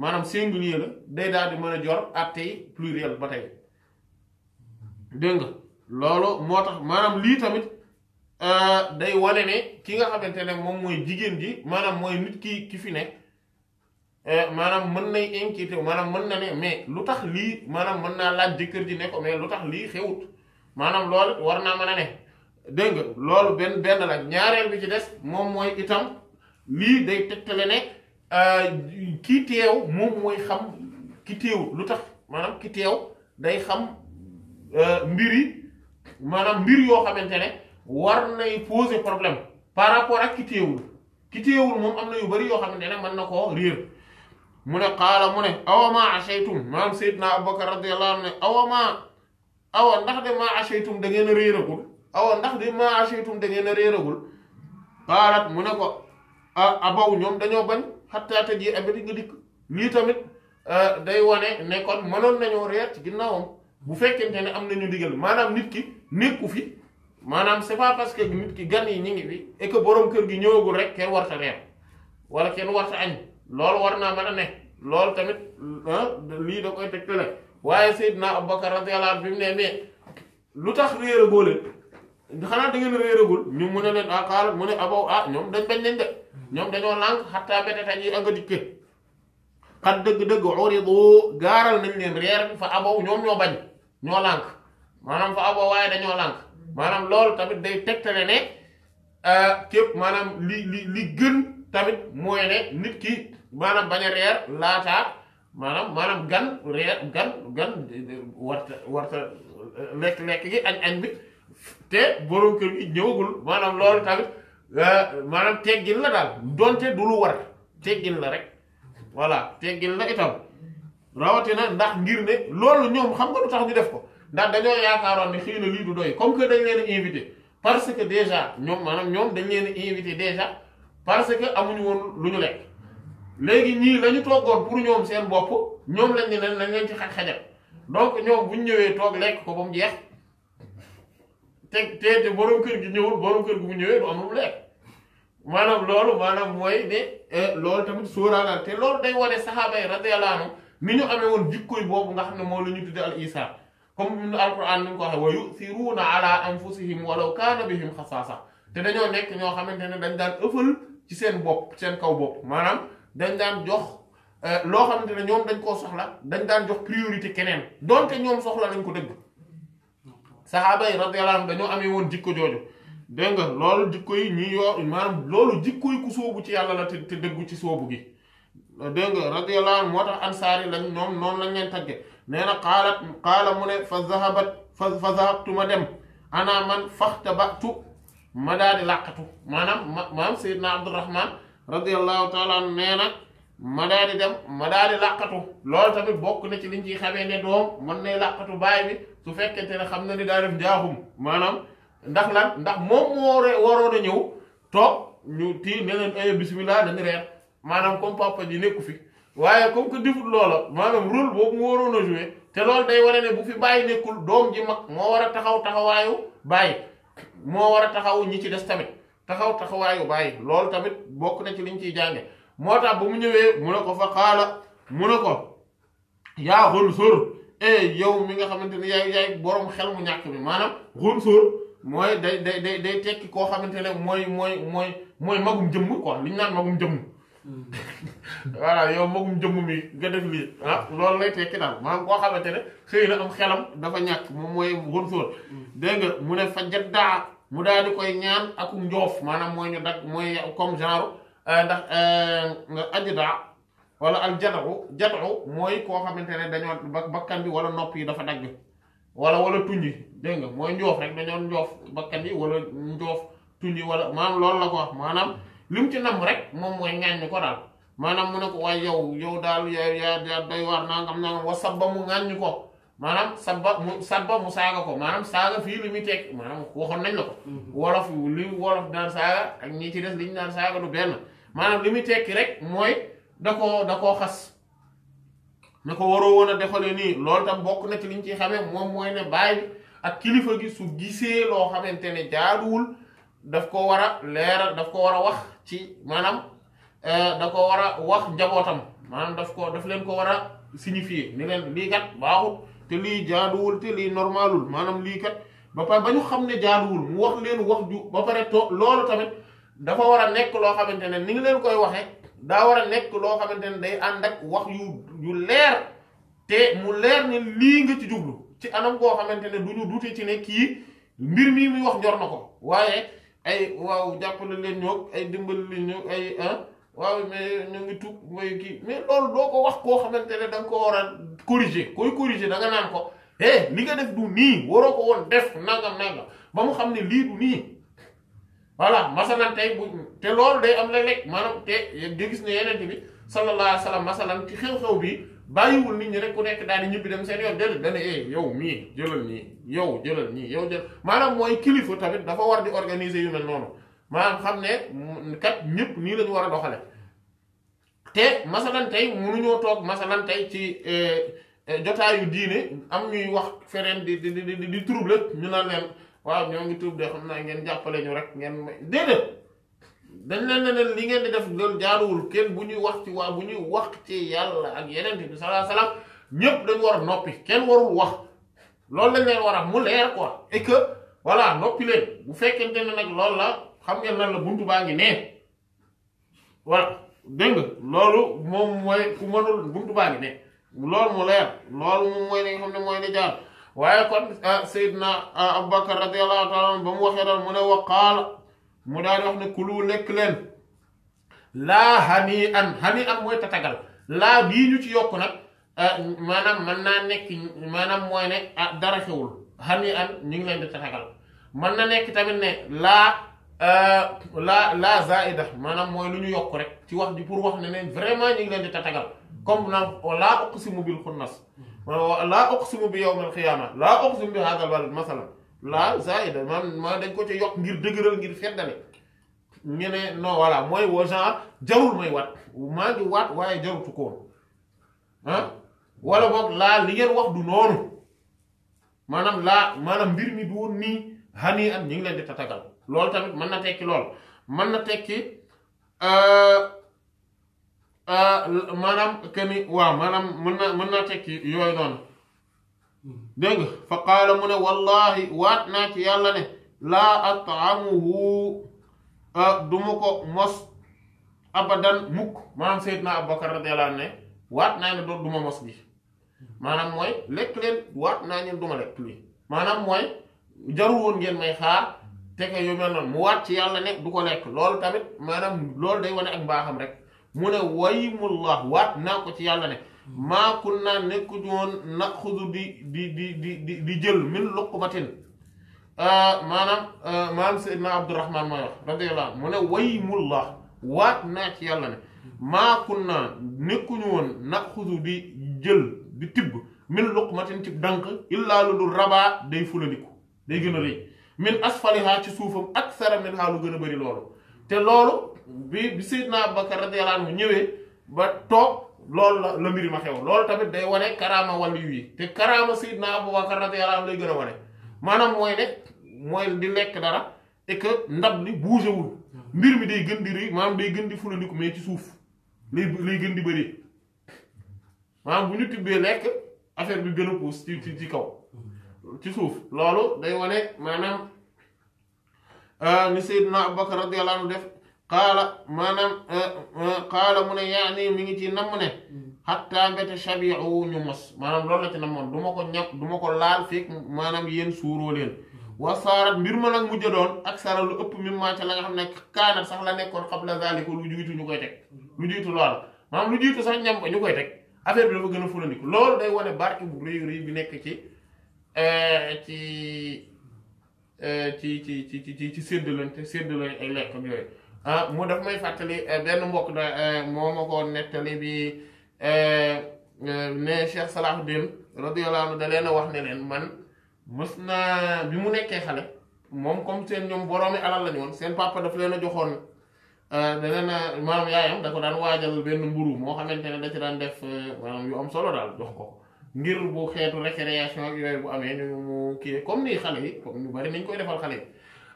maanaam singulier la day daal di mën a jor attey pluriel ba tey dégg nga loolu moo tax maanaam lii tamit euh, day wane ne ki nga xamante ne moom mooy jigéen ji maanaam mooy nit ki ki fi nekk Eh, maanaam mën nay inquiété maanaam mën na ne mais lu tax lii maanaam mën naa laaj jëkkër ji ne ko mais lu tax lii xewut maanaam loolu war naa man a ne dégg nga loolu benn benn la ñaareel bi ci des moom mooy itam lii day tegtale ne euh, kii teew moom mooy xam ki teewut lu tax maanaam ki teew day xam euh, mbir maanaam mbir yoo xamante ne war nay poser problème par rapport ak ki teewul ki moom am na yu bari yoo xamante ne mën na koo réer mu ne qaala mu ne awama ashaytum maanaam Seydina Abubakar radiyallahu anhu ne awama awa ndax de maa ashaytum da ngeen a réeragul awa ndax de maa ashaytum da ngeen a réeragul qaalat mu ne ko abaw ñoom dañoo bañ xatta te ji abadi nga dikk lii tamit day wane ne kon mënoon nañoo reer ci ginnaawam bu fekkente ne am nañu ndigal maanaam nit ki nekku fi maanaam c'est pas parce que nit ki gan yi ñu ngi fi et que kër gi ñëwagul rek kenn warta reer wala kenn warta añ loolu war naa mën a ne loolu tamit ah, lii da koy tegtale waaye Seydina naa radiyallahu anhu bi mu ne mais lu tax réeragoo leen xanaa da ngeen réeragul ñu mun a leen ah xaaral mu ne abaw ah, ah, ñoom dañ bañ leen de ñoom dañoo lànk xattaa beteta yi anga dikke xat dëgg-dëgg uridu gaaral nañ leen reer fa abaw ñoom ñoo bañ ñoo lànk maanaam fa abaw waaye dañoo lànk maanaam loolu tamit day tegtale ne képp maanaam li li li gën tamit mooy ne nit ki maanaam bañ a reer laataa maanaam maanaam gan reer gan gan warta warta lekk-lekk euh, gi añ añ bi te borom kër gi ñëwagul maanaam loolu tamit euh, maanaam teggin la daal donte du lu war teggin la rek voilà teggin la itam rawatina ndax ngir ne loolu ñoom xam nga lu tax ñu def ko ndax dañoo yaakaaroon ne xëy na lii du doy comme que dañ leen invité parce que déjà ñoom maanaam ñoom dañ leen invité déjà parce que amuñu woon lu ñu lekk léegi ñii lañu ñu toggoon pour ñoom seen bopp ñoom lañ ne leen lañ leen ci xaj xajal donc ñëwee toog lekk ko ba jeex te te te borom kër gi ñëwul borom kër gi bu ñëwee du maanaam loolu maanaam mooy ne euh, loolu tamit sóoraala te loolu day wane saxaaba yi radiyallahu anhu ñu amee woon jikkoy boobu nga ne moo la ñu tudde al comme nu alquran ni mu wa yusiruuna ala anfusihim walaw kaana bihim xasaasa te nekk ñoo xamante ne dañ daan ëffal ci seen bopp seen kaw bopp maanaam dañ daan jox euh, loo xamante ne ñoom dañ koo soxla dañ daan jox priorité keneen donte ñoom soxla dañ ko dëgg saxaaba yi radiyallahu anhum dañoo amee woon jikko jooju dégg nga loolu jikko yi yoo yor maanaam loolu jikko yi ku sóobu ci yàlla la te te dëggu ci sóobu gi dégg nga radiyallahu anhu moo tax ansaar yi lañ ñoom noonu lañ leen tagge nee na xaalat xaala mu ne fa zahabat fa zahabtu ma dem ana man faxtabatu ma daal di làqatu maanaam ma maam Seydina Abdurrahman radiyallahu taala anhu nee na ma daal di dem ma daal di làqatu loolu tamit bokk na ci liñ ciy xame ne doom mën nay làqatu baay bi su fekkente ne xam na ni daal def njaaxum maanaam ndax lan ndax moom moo waroon a ñëw toog ñu tii ne leen na eh, bismillah reer maanaam comme papa ji nekku fi waaye comme que defut loola maanaam rôle boobu mu waroon a jouer te loolu day ware ne bu fi bàyyi nekkul doom ji mag moo war a taxaw taxawaayu bàyyi moo war a taxaw ñi ci des tamit taxaw taxawaayu bàyyi loolu tamit bokk na ci liñ ciy jànge moo tax ba mu ñëwee mu ne ko fa xaala mu ne ko yaa xunsur eh yow mi nga xamante ne yaay yaay boroom xel mu ñàkk bi maanaam xunsur mooy day day day day tekki koo xamante ne mooy mooy mooy mooy magum jëmm quoi liñ naan magum jëmm wala hmm. yow magum jëmm mi nga def lii ah loolu lay tekki dal man ko xamante ne xëy na am xelam dafa ñak mo moy won sóor hmm. de nga mu ne fa jaddaa mu daal di koy ñaan akum njoof manam moy ñu dag moy comme genre euh, ndax euh, nga ajdaa wala al jadaxu jadaxu moy ko xamante ne dañoo bakkan bi wala nopi dafa dag wala wala tunji de nga moy njoof rek dañu njoof bakkan bi wala njoof tunji wala manam loolu la ko wax manam li ci nam rek moom mooy ŋàññ ko daal maanaam mu ne ko waaye yow yow daal yaa yaa yaa naa waar nangam nangam wa sabba mu ŋàññ ko maanaam sabba mu sabba mu saaga ko maanaam saaga fii li muy teg maanaam waxoon nañ la ko hmm. wolof li wolof daan saaga ak ñii ci des li ñu daan saaga du benn maanaam li muy tekki rek mooy da koo da koo xas ne ko waroo woon a defalee nii loolu tam bokk na ci liñ ci xamee moom mooy ne bàyyi ak kilifa gi su gisee loo xamante ne jaaduwul daf ko war a leeral daf ko war a wax ci maanaam eh, da ko war a wax njabootam maanaam daf ko daf leen ko war a signifier ni leen lii kat baaxul te lii jaaduwul te lii normalul maanaam lii kat ba pare ba ñu xam ne jaaduwul mu wax leen wax ju ba pare to loolu tamit dafa war a nekk loo xamante ne ni nga leen koy waxee daa war a nekk loo xamante ne day ànd ak wax yu yu leer te mu leer ne lii nga ci jublu ci anam koo xamante ne du ñu dute ci ne kii mbir mii muy wax njor na ko waaye ay waaw jàppale leen ñoom ay dimbali leen ñoom ay ah waaw mais ñu ngi tuub may kii mais loolu doo ko wax koo xamante ne danga ko war a corriger koy corriger da naan ko eh li nga def du nii waroo ko woon def nangam nangam ba mu xam ne lii du nii voilà masalaan tey bu te loolu day am léeg-léeg maanaam te di gis ne yeneen bi sallallahu alayhi wa sallam ci xew-xew bii bàyyiwul nit ñi rek ku nekk daal di ñibbi dem seen yoon déedéet dana eh yow mii jëlal ñii yow jëlal ñii yow jël maanaam mooy kilifa tamit dafa war di organiser yu mel noonu maanaam xam ne mm, kat ñëpp nii la ñu war a doxale te masalan tey mënuñoo toog masalan tey ci eh, eh, jotaayu diine am ñuy wax feneen di di di di trouble ñu naan leen waaw ñoo ngi tuub de xam naa ngeen jàppale ñu rek ngeen déedéet. dañ leen ne li ngeen di def loolu jaaruwul kenn bu ñuy wax ci waa bu ñuy wax ci yàlla ak yeneen bi sallallahu alayhi wasallam ñëpp war a noppi kenn warul wax loolu lañ leen war a mu leer quoi bu fekkente ne nag loolu la xam ngeen la buntu baa moom mooy ku mënul buntu baa ngi nee mooy nga xam ne mooy li jaar waaye kon ah, Seydina ah, Abubakar radiyallahu taala ba mu waxee daal mu ne wa mu daal wax ne kulu lek len la hani an hani an moy tatagal la bi ñu ci yok nak manam man na nek manam moy ne dara xewul hani an ñu ngi leen di tatagal man na nek tamit ne la la la zaida manam moy lu ñu yok rek ci wax di pour wax ne vraiment ñu ngi leen di tatagal comme naam la aqsimu bil xunnas la aqsimu bi yawm al qiyamah la aqsimu bi al balad masalan laa zaida maam ma dañ ko ca yokk ngir dëgëral ngir feddale ñu ne non mooy wa genre jarul may waat maa waaye jarutu ko ah wala boog laa li ngeen wax du noonu maanaam laa maanaam mbir mi du woon nii xanii at ñu ngi leen di tatagal lool tamit mën na tekki lool mën na tekki euh, euh, maanaam que ni waaw maanaam mën na mën naa tekki yooyu noonu dégg nga fa qaala mu ne wallahi waat naa ci yàlla ne laa at'amuhu du ma ko mos abadan mukk maanaam Seydina Abubakar radiyallahu anhu ne waat naa ne doon du ma mos bi maanaam mooy lekk leen waat naa ñeen duma ma lekk lii maanaam mooy jaru woon ngeen may xaar teke yu mel noonu mu waat ci yàlla ne du ko lekk lool tamit maanaam loolu day wane ak mbaaxam rek mu ne waymullah waat naa ko ci yàlla ne maa kunna nekkuñu woon naxudu di di di di di jël min luqmatin ah, maanaam ah, maanaam Seydina Abdourahman mooy wax radiyallahu anhu mu ne waymullah waat naa ci yàlla ne maa kunna nekkuñu woon naxudu di jël di tibb min luqmatin ci dànk illaa lu dul rabaa day fulandiku day gën a rëy min asfaliha ci suufam aksara minha lu gën a bari loolu te loolu bi bi Seydina Abubakar radiyallahu anhu ñëwee ba toog loolu la la ma xew loolu tamit day wane karaama wàllu yu yi te karaama Seydina Abubakar radiyallahu anhu lay gën a wane maanaam mooy ne mooy di lekk dara et que ndab li bougé mbir mi day gën di rëy maanaam day gën di fulandiku mais ci suuf lay lay gën di bëri maanaam bu ñu tibbee lekk affaire bi gën a puus ci ci ci kaw ci suuf loolu day wane maanaam euh, ni Seydina Abubakar radiyallahu anhu def. qaala maanaam euh, euh, qaala mu ne yaani mi ngi ci namm ne xattaa mbete shabiu ñu mos maanaam lool la ci namoon du ma ko ñam du ma ko laal fekk maanaam yéen suuroo leen wasaarat mbir ma nag mujj doon ak sara lu ëpp mi ma la nga xam ne kaana sax la nekkoon qabla zaalika lu jiitu ñu koy teg lu jiitu lool maanaam lu jiitu sax ñam ko ñu koy teg affaire bi dafa gën a fulandiku loolu day wane barke bu rëy rëy bi nekk ci euh, ci ci ci ci ci ci séddalante séddalante ay lekk Ah, mu daf may fàttali eh, benn mbokk da eh, moo ma ko nettali bi eh, ne Cheikh Salahuddin radiyallahu anhu da leen a wax ne leen man mës naa bi mu nekkee xale moom comme seen ñoom boroomi alal lañu woon seen papa daf leen a joxoon da leen a maanaam yaayam da daan waajal benn mburu moo xamante ne da ci daan def maanaam yu am solo daal jox ko ngir bu xeetu récréation yooyu bu amee ñu mu kii comme ni xale yi comme ñu bari nañ koy defal xale yi.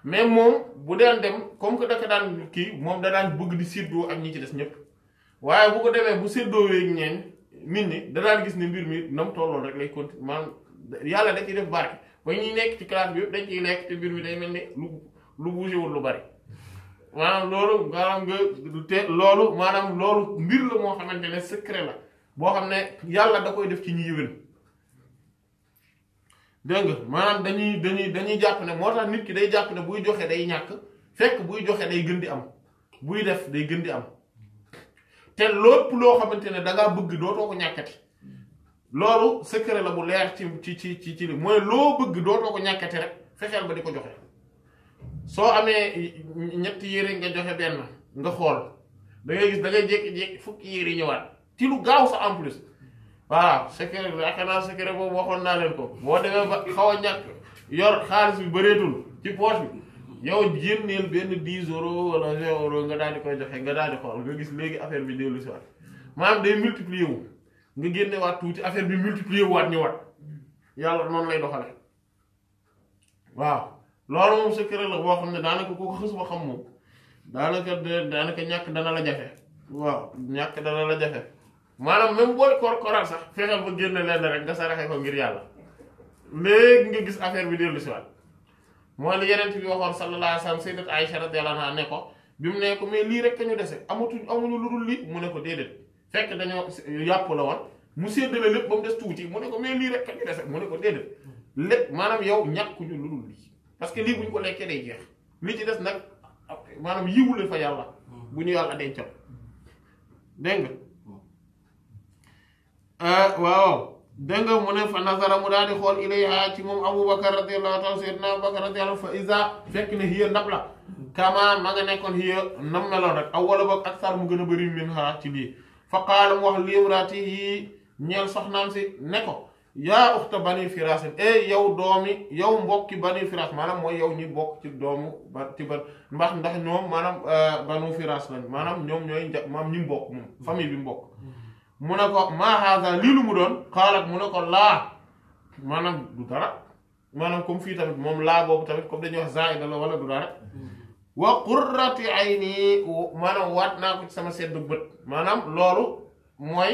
mais moom bu deen dem comme que da daan kii moom da daan bëgg di séddoo ak ñi ci des ñëpp waaye bu ko demee bu séddooweeg ñeen nit ñi da gis ne mbir mi nam tolloon rek lay continuer maanaam yàlla da ciy def barke ba ñuy nekk ci classe bi dañ ciy lekk te mbir mi day mel ni lu lu bougé wul lu bari maanaam loolu maanaam loolu maanaam loolu mbir la moo xamante ne secret la boo xam ne yàlla da koy def ci ñi yëwén dégg nga maanaam dañuy dañuy dañuy jàpp ne moo tax nit ki day jàpp ne buy joxe day ñàkk fekk buy joxe day gën di am buy def day gën di am te lépp loo xamante ne da ngaa bëgg dootoo ko ñàkkati loolu secret la bu leer ci ci ci ci li mooy loo bëgg dootoo ko ñàkkati rek fexeel ba di ko joxe soo amee ñetti yëre nga joxe benn nga xool da ngay gis da ngay jékki-jékki fukki yi ñëwaat ci lu gaaw sa en plus. voilà secret yaakaar boobu waxoon naa leen ko boo demee ba xaw a ñàkk yor xaalis bi bëreetul ci poche bi yow génneel benn dix euros wala vingt euros nga daal di koy joxe nga daal di xool nga gis léegi affaire bi dellu si waat maanaam day multiplier wu nga génne waat tuuti affaire bi multiplier wu waat ñu wat yàlla noonu lay doxale waaw loolu moom secret la boo xam ne daanaka ku ko xës ba xam moom daanaka daanaka ñàkk dana la jafe waaw ñàkk dana la jafe. maanaam même booy korkoral sax fexeel ba génne lenn rek nga saraxe ko ngir yàlla léegi nga gis affaire bi dellu si waat mooy li yeneen bi waxoon sallallahu alayhi wa sallam sayyidat Aïcha radiyallahu anha ne ko bi mu ne ko mais lii rek ñu dese amatuñ amuñu lu dul lii mu ne ko déedéet fekk dañoo yàpp la woon mu séddale lépp ba mu des tuuti mu ne ko mais lii rek ñu dese mu ne ko déedéet lépp maanaam yow ñàkkuñu lu dul lii parce que lii bu ñu ko lekkee day jeex li ci des nag maanaam yiwule fa yàlla hmm. bu ñu yàlla dencal dégg nga Ah, waaw dégg nga mu ne fa nazara mu daal di xool ilayha ci moom aboubacar radiallahu taala seydina aboubacar radiallahu fa isa fekk ne hiya ndab la kama ma nga nekkoon hiya nam meloon rek ak sar mu gën a bëri min ha ci lii fa qaala mu wax limratihi ñeel soxnaam si ne ko yaa uxta bani firasin e eh, yow doomi yow mbokki bani maanaam mooy yow ñi bokk ci doomu ba ci ban mbax ndax ñoom maanaam eh, banu firas lañ maanaam ñoom ñooy nja maam ñi mbokk moom famille bi mbokk mu ne ko maa haada lii lu mu doon xaalat mu ne ko laa maanaam du dara maanaam comme fii tamit moom laa boobu tamit comme dañuy wax zaida la wala du dara wa qurrati ayni maanaam waat naa ko ci maanaam loolu mooy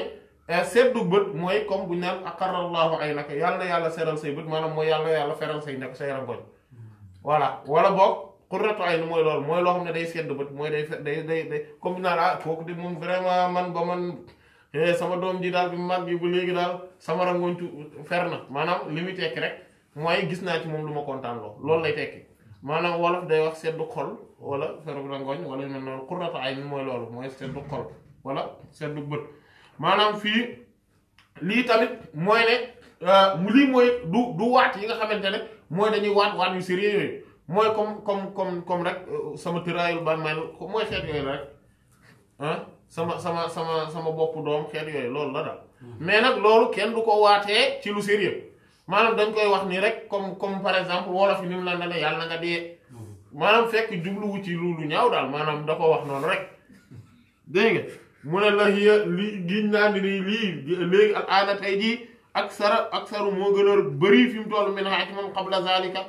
eh, seddu bët mooy comme bu ñu naan aqarrallahu aynaka yàlla na yàlla seral say bët maanaam mooy yàlla yàlla feral say nekk say rangoñ voilà wala boog qurratu ayni mooy loolu mooy loo xam ne day seddu bët mooy day day day day comme bu ñu naan ah kooku de moom vraiment man ba man Eh, sama doom ji daal bi mag bi bu léegi daal sama rangoñ tu fer na maanaam li muy tekki rek mooy gis naa ci moom lu ma kontaan loolu lay tekki maanaam wolof day wax seddu xol wala feru rangoñ wala mel noonu qurratu mooy loolu mooy seddu xol wala seddu bët maanaam fii lii tamit mooy ne euh, lii mooy du du waat yi nga xamante ne mooy dañuy waat waat yu sérieux yooyu mooy comme comme comme comme rek euh, sama tëraayul ban may mooy xeet yooyu rek sama sama sama sama bopp doom xeet yooyu loolu la daal hmm. mais nag loolu kenn du ko waatee ci lu sérieux maanaam dañ koy wax nii rek comme comme par exemple wolof yi ni mu la ne yàlla na nga dee hmm. maanaam fekk jubluwu ci lu lu ñaw daal maanaam da wax noonu rek dégg nga mu ne la lii giñ naa ni nii lii léegi ak aana tey jii ak sara ak saru moo gën a bëri fi mu toll min xaa ci man qabla zalika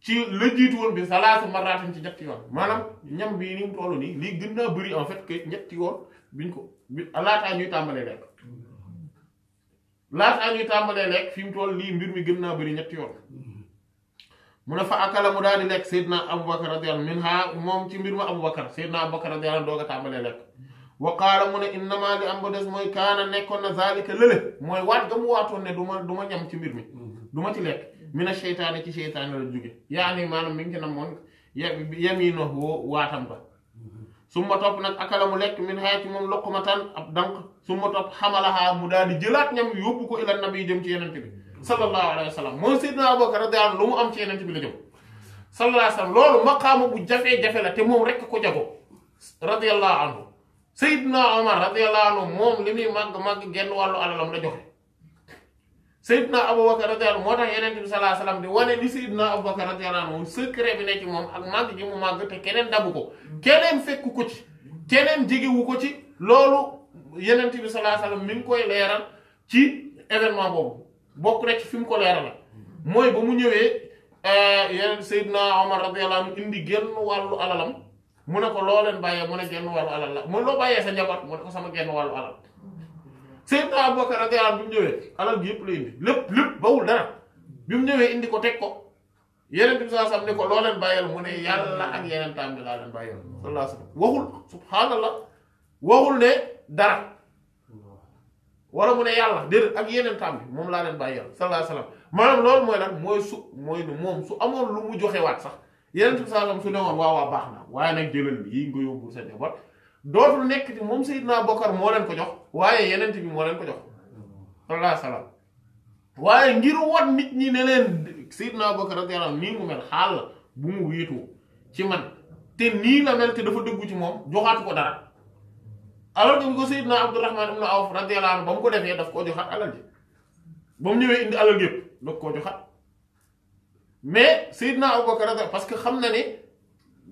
ci la jiitu woon bi salaasu marratin ci ñetti yoon maanaam ñam bii ni mu toll nii lii ñetti yoon biñ ko bi laataa ñuy tàmbalee lekk laataa ñuy tàmbalee lekk fi mu toll lii mbir mi gën naa bëri ñetti yoon mu ne fa akala mu daal di lekk Seydina Aboubacar radiyallahu min ha moom ci mbir ma Aboubacar Seydina Aboubacar radiyallahu doog tàmbalee lekk wa qaala mu ne innamaa li am ba des mooy kaana nekkoon na zaalika lële mooy waat ga mu waatoon ne du ma ñam ci mbir mi du ma ci lekk. mina seytaane ci seytaane la jóge yaani maanaam mi ngi ci namoon yamiinahu waatam ba su nag akala mu lekk min xayaa ci moom loqmatan ab danq su ma topp mu daal di jëlaat ñam yóbbu ko ila nabi jëm ci yenente bi sallallahu alayhi wa sallam moom Seydina am ci yenente bi la jëm sallallahu alayhi bu jafee-jafe la te moom rekk ko jago radiyallahu anhu Seydina Omar radiyallahu anhu moom li muy màgg màgg genn wàllu alalam la Seydina Aboubacar radiyallahu moo tax Yonent bi sallallahu alayhi wasallam di wane ni Seydina Aboubacar radiyallahu moom secret bi ne ci moom ak màgg ji mu màgg te keneen dabu ko keneen fekk ko ci keneen jegewu ko ci loolu Yonent bi sallallahu alayhi wasallam mi ngi koy leeral ci événement boobu bokk rek ci fi mu ko leeral la mooy ba mu ñëwee euh, Yonent Seydina Omar radiyallahu anhu indi genn wàllu alalam mu ne loo leen bàyyee mu ne genn wàllu alal la loo bàyyee sa njaboot mu ko sama genn wàllu alal Seydina Abubakar radiyallahu anhu bi mu ñëwee alal gi yëpp la indi lépp lépp bawul dara bi mu ñëwee indi ko teg ko yeneen bi saa sam ne ko loo leen bàyyal mu ne yàlla ak yeneen laa leen bàyyal sallallahu alayhi wasallam waxul subhaanallah waxul ne ne yàlla déedéet ak yeneen taam bi moom laa leen bàyyal sallallahu alayhi wasallam maanaam loolu mooy lan mooy su mooy nu moom su amoon lu mu joxewaat sax yeneen bi saa sam su ne woon waaw baax na waaye nag jëlal yi nga yóbbu sa njaboot dootul nekk di moom Seydina Bokar moo leen ko jox waaye yeneen bi moo leen ko jox walla salaam waaye ngir won nit ñi ne leen Seydina Bokar radiyallahu anhu nii mu mel xaal la bu mu wéetoo ci man te nii la mel te dafa dëggu ci moom joxaatu ko dara alors que ko Seydina Abdurrahman ibn Awf radiyallahu anhu ba mu ko defee daf koo joxaat alal ji ba mu ñëwee indi alal yépp daf koo joxaat mais Seydina Abubakar parce que xam na ne.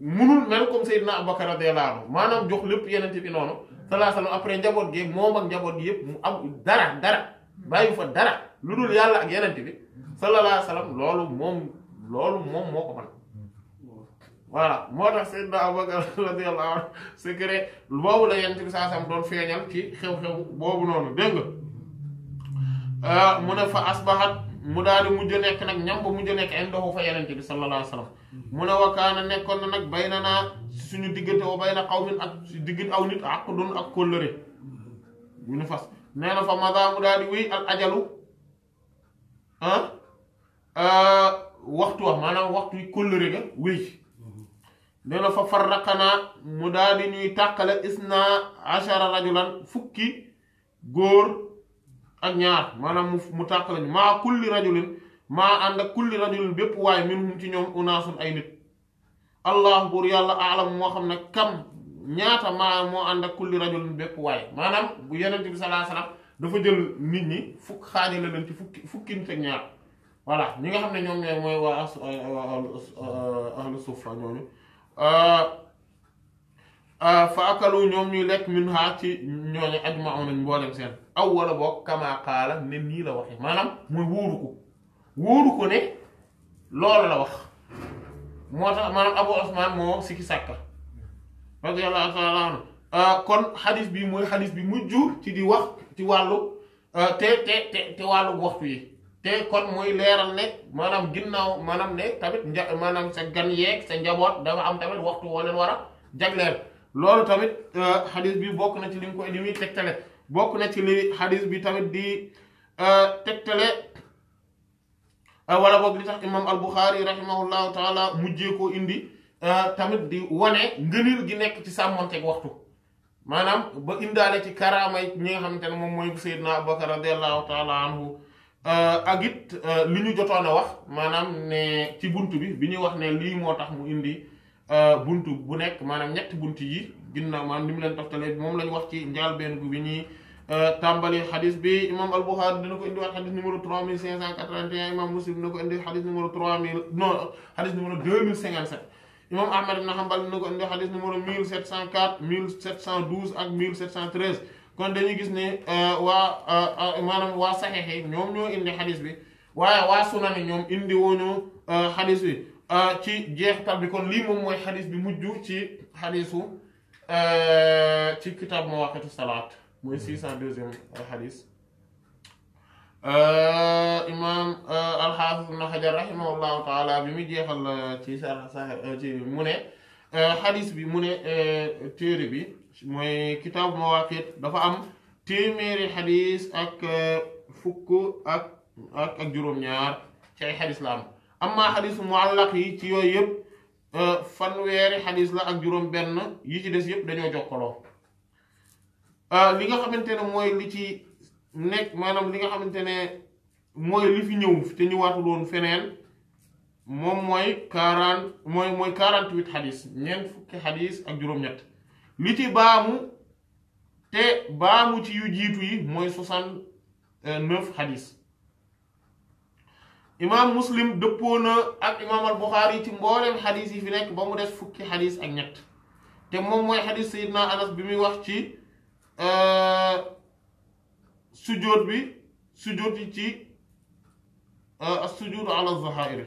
munul mel comme Seydina Abubakar radiyallahu anhu maanaam jox lépp yenente bi noonu sallallahu alayhi wa après njaboot gi moom ak njaboot gi yëpp mu am dara dara bàyyi fa dara lu dul yàlla ak yenente bi sallallahu alayhi doon feeñal ci xew-xew boobu noonu dégg euh, mu ne fa asbahat mu daal di mujj nekk nag ñam ba mujj nekk indahu fa yenente bi sallallahu alayhi wa mm-hmm. mu ne wakaana nekkoon na nag bay na naa suñu diggante wa bay na xawmin ak diggante aw nit àq doon ak kóllëre mu mm-hmm. nee na fa mada mu ah, mm-hmm. mu daal di ñuy tàqale isna ashara rajulan fukki góor ak ñaar maanaam mu mu tàq lañu maa kulli rajulin maa ànd ak kulli rajulin bépp waaye minhum ci ñoom unaasun ay nit allah buur yàlla alam moo xam ne kam ñaata maa moo ànd ak kulli rajulin bépp waaye maanaam bu yenent bi salaa salaam dafa jël nit ñi fukk xaajale leen ci fukki fukki nit ak ñaar voilà ñi nga xam ne ñoom ñooy mooy waa ahlu suufa ñooñu Euh, fa akalu ñoom ñuy lekk min ha ci ñooñu ajma'una mboolem seen aw wala boog kama ne nii la waxe maanaam mooy wóoru ko ne loolu la wax moo tax maanaam Abu Osman moo sikki sàkka radiyallahu ta'ala anhu euh, kon xadis bi mooy xadis bi mujj ci di wax ci wàllu euh, te te te te wàllu waxtu yi te kon mooy leeral ne maanaam ginnaaw maanaam ne tamit nja maanaam sa gan yeeg sa njaboot dama am tamit waxtu woo leen war jagleel loolu tamit euh, hadis bi bokk na ci li ko li muy tegtale bokk na ci li hadis bi tamit di euh, tegtale euh, wala boog li tax imam albouxaari rahimahullahu taala mujjee koo indi tamit di wone ngëniir gi nekk ci sàmmonteeg waxtu maanaam ba indaale ci karaamay ñi nga xamante ne moom mooy sayidna abacar radiallahu taala anhu ak it li ñu jotoon a wax maanaam ne ci bunt bi bi ñu wax ne lii moo tax mu indi Euh, buntu bu nekk maanaam ñett buntu yi ginnaaw maanaam ni mu leen toftalee moom la ñu wax ci njaal benn bi ñuy euh, tàmbali xadis bi imam al-Bukhari dina ko indiwaat xadis numéro trois mille cinq cent quatre vingt ko indi xadis numéro trois mille non xadis numéro deux mille cinquante-sept imam Ahmad ibn Hanbal dina cent douze ak mille sept cent treize kon dañuy gis ne euh, maanaam waa saxeex yi ñoom ñoo indi xadis bi waaye waa sunani ñoom indi woñu xadis bi ci jeexital bi kon li mom moy hadith bi mujju ci hadithu euh ci kitab mawaqitu salat moy 602e hadith euh imam al hafiz ibn Hajar rahimahullahu taala bi mi jeexal ci sa ci mune euh hadith bi mune ne téere bi moy kitab mawaqit dafa am temere hadith ak fukku ak ak djuroom naar ci hadith xadis amma xadis muallaq yi ci yooyu yëpp euh, fanweeri xadis la ak juróom benn yi ci des yëpp dañoo jokkaloo euh, li nga xamante ne mooy li ci nekk maanaam li nga xamante ne mooy li fi ñëw te ñëwaatul woon feneen moom mooy quarante mooy mooy quarante huit xadis ñeent fukki xadis ak juróom-ñett li ci baamu te baamu ci yu jiitu yi mooy soixante neuf xadis imaam muslim dëppoo na ak imaam al ci mbooleem xadis yi fi nekk ba mu des fukki xadis ak ñett te moom mooy xadis sayidna anas bi muy wax ci euh, sujóot bi sujóot yi ci euh, as-sujuudu ala zahairi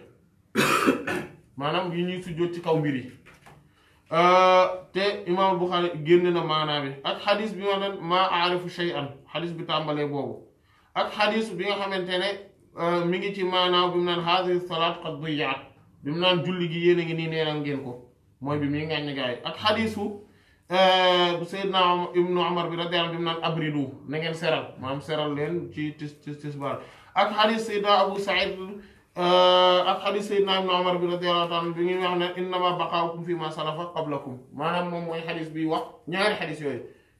maanaam yi ñuy sujóot ci kaw mbir yi euh, te imaam al buxaari génn na maanaa bi ak xadis bi wax naan maa aarifu shay'an xadis bi tàmbalee boobu ak xadis bi nga xamante ne Euh, mi ngi ci maanaam bi mu naan haadihi salaat qad diyaat bi mu naan julli gi yéen a ngi nii neenal ngeen ko mooy bi muy ngàññ gaa ak xadiisu bu euh, Seydina Ibnu Umar bi radiyallaahu anhu bi mu naan abridu na ngeen seral maanaam seral leen ci tis tis tisbaar ak xadiis Seydina euh, bi radiyallaahu wax ne innamaa baqaa'ukum maa salafa moom mooy xadiis bi wax ñaari xadiis yooyu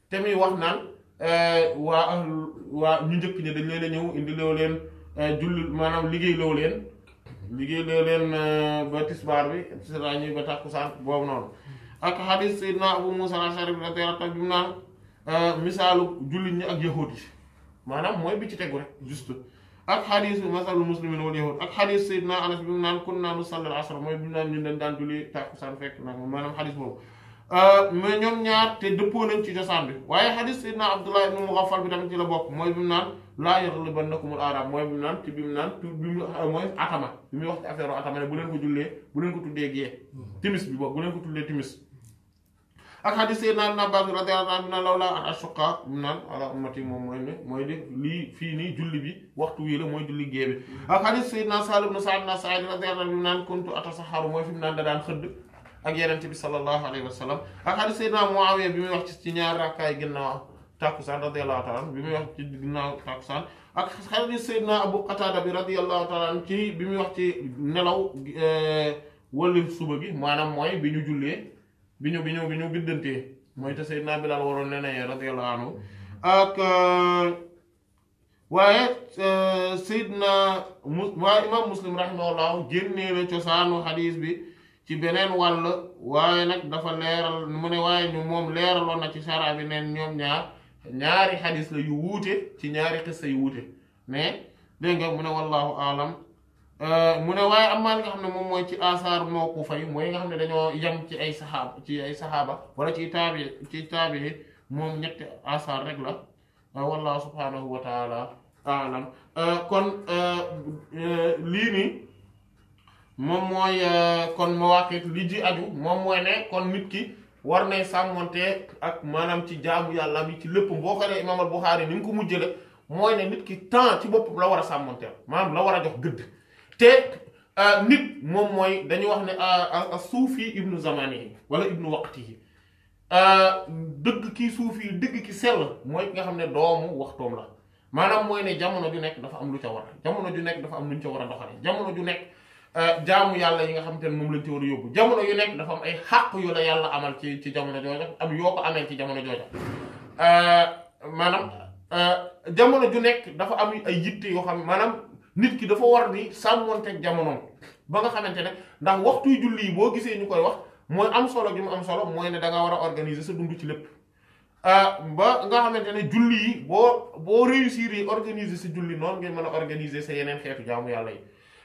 te muy wax naan waa waa ñu njëkk ñi dañ leen ñëw indi loo leen Eh, jullit maanaam liggéey loo leen liggéey loo leen eh, ba tisbaar bi et cetera ñuy ba takkusaan boobu noonu ak xadis sayyidina Abu Musa al-Ash'ari bi radiyallahu te bi mu eh, misaalu jullit ñi ak yahuud yi mooy bi ci tegu rek juste ak xadis masalu muslimin wal yahud ak xadis sayyidina Anas bi mu naan kunna nusalli al-asr mooy bi mu naan ñu leen daan julli takkusaan fekk nag maanaam xadis boobu mais ñoom ñaar te dëppoo nañ ci cosaan bi waaye xadis sayyidina Abdullah ibn Mughaffal bi tamit ci la bokk mooy bi mu naan laa yaghlibannakumul a'raab mooy bi mu naan ci bi mu naan bi mu muy wax ci affaire atama ne bu leen ko jullee bu leen ko tuddee gée timis bi boobu bu leen ko tuddee timis ak xadis Seydina Ibn Abbaas radiyallaahu naan naan alaa ummatii moom mooy ne mooy de lii fii nii julli bi waxtu wii la mooy julli gée bi ak xadis Seydina Saalim ibn Sa'd ibn Sa'iid fi mu naan da daan xëdd ak Yonent bi sallallaahu alayhi wa sallam ak bi muy wax ci ci ñaar rakkaay ginnaaw tàkkusaan radiyallahu taala an bi muy wax ci ginnaaw tàkkusaan ak xadis Seydina Abu Qatada bi radiyallahu taala an ci bi muy wax ci nelaw eh, wala suba gi maanaam mooy bi ñu jullee bi ñu bi ñu bi ñu biddantee mooy te Seydina Bilaal waroon nenee radiyallahu anhu ak eh, waaye eh, Seydina mus waaye imaam Muslim rahimahullahu génnee na cosaanu xadis bi ci beneen wàll waaye nag dafa leeral mu ne waaye ñu moom leeraloon na ci sara bi neen ñoom ñaar ñaari hadis la yu wuute ci ñaari xissa yu wuute mais dégg nga mu ne wallahu alam euh, mu ne waaye am nga xam ne moom mooy ci asaar moo ku fay mooy nga xam ne dañoo yem ci ay sahaba ci ay sahaba wala ci taabi ci taabi moom ñetti asaar rek la euh, wallahu subhanahu wa taala alam euh, kon lii nii moom mooy kon mawaqit li ji aju moom mooy ne kon nit ki war nay sàmmonte ak maanaam ci jaamu yàlla bi ci lépp boo xoolee imaam bu Buxaari ni mu ko mujjale mooy ne nit ki temps ci boppam la war a sàmmonteel maanaam la war a jox gëdd te euh, nit moom mooy dañuy wax ne euh, a suufi ibnu zamanihi wala ibnu waqtihi euh, dëgg ki suufi dëgg ki sell mooy ki nga xam ne doomu waxtoom la maanaam mooy ne jamono ju nekk dafa am lu ca war jamono ju nekk dafa am lu ñu ca war a doxale jamono ju nekk Euh, jaamu yàlla yi nga xamante ne moom lañ ci war a yóbbu jamono yu nekk dafa am ay xàq yu la yàlla amal ci ci jamono jooja am yoo ko amee ci jamono jooja euh, maanaam euh, jamono ju nekk dafa am ay yitte yoo xam ne maanaam nit ki dafa war di sàmmonteeg jamonoom ba nga xamante ne ndax waxtuy julli yi boo gisee ñu koy wax mooy am solo gi mu am solo mooy ne da nga war a organiser sa dund ci lépp ba nga xamante ne julli yi boo boo réussir yi organiser sa julli noonu ngay mën a organiser sa yeneen xeetu jaamu yàlla yi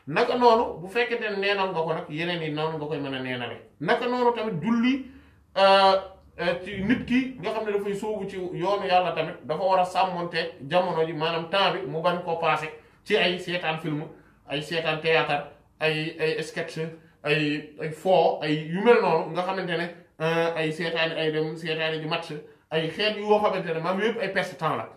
naka noonu bu fekkente ne neenal nga ko nag yeneen yi noonu nga koy mën a neenale naka noonu tamit julli euh, euh, ci nit ki nga xam ne dafay sóobu ci yoonu yàlla tamit dafa war a sàmmonteeg jamono ji maanaam temps bi mu bañ koo passé ci ay seetaan film ay seetaan théâtre ay ay sketch ay ay foo ay yu mel nga xamante ne euh, ay seetaani ay dem seetaani ji match ay xeet yoo xamante ne maam yëpp ay perte temps la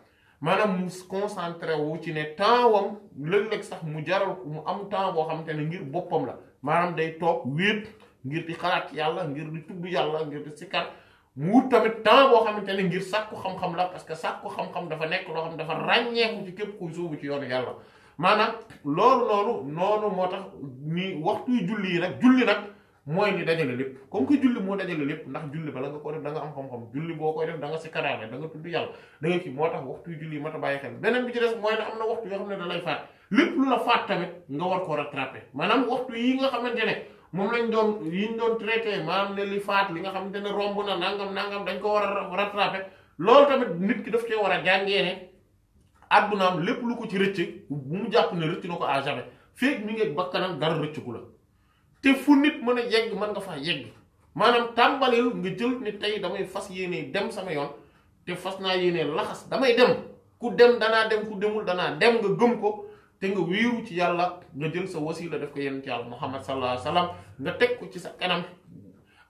maanaam mu concentré wu ci ne temps wam léeg-léeg sax mu jaral mu am temps boo xamante ne ngir boppam la maanaam day toog wéet ngir di xalaat yàlla ngir di tudd yàlla ngir di sikar mu wut tamit temps boo xamante ne ngir sàkku xam-xam la parce que sàkku xam-xam dafa nekk loo xam dafa ràññeeku ci képp kuy sóobu ci yoonu yàlla maanaam loolu loolu noonu moo tax ni waxtu julli yi nag julli nag. mooy ni dajale lépp comme que julli moo dajale lépp ndax julli bala nga ko def da nga xam-xam julli boo koy def da nga si karaale da nga tudd yàlla da nga moo tax waxtu julli mat a bàyyi xel beneen bi ci maanaam waxtu yi nga ne moom lañ doon yi ñu doon traité maanaam ne li faat li nga xam xamante ne romb na nangam nangam dañ ko war a rattrapé loolu tamit nit ki daf cee war a jàngee ne addunaam lépp lu ko ci rëcc bu mu jàpp ne rëcc na ko à jamais feeg mi ngi bakkanam dara rëcc ku la te fu nit mën a yegg man nga fa yegg maanaam tàmbalil nga jël ne tey damay fas yéene dem sama yoon te fas naa yéene laxas damay dem ku dem danaa dem ku demul danaa dem nga gëm ko te nga wiiru ci yàlla nga jël sa wasila def ko yenn ci yàlla muhammad sallallahu alayhi nga teg ko ci sa kanam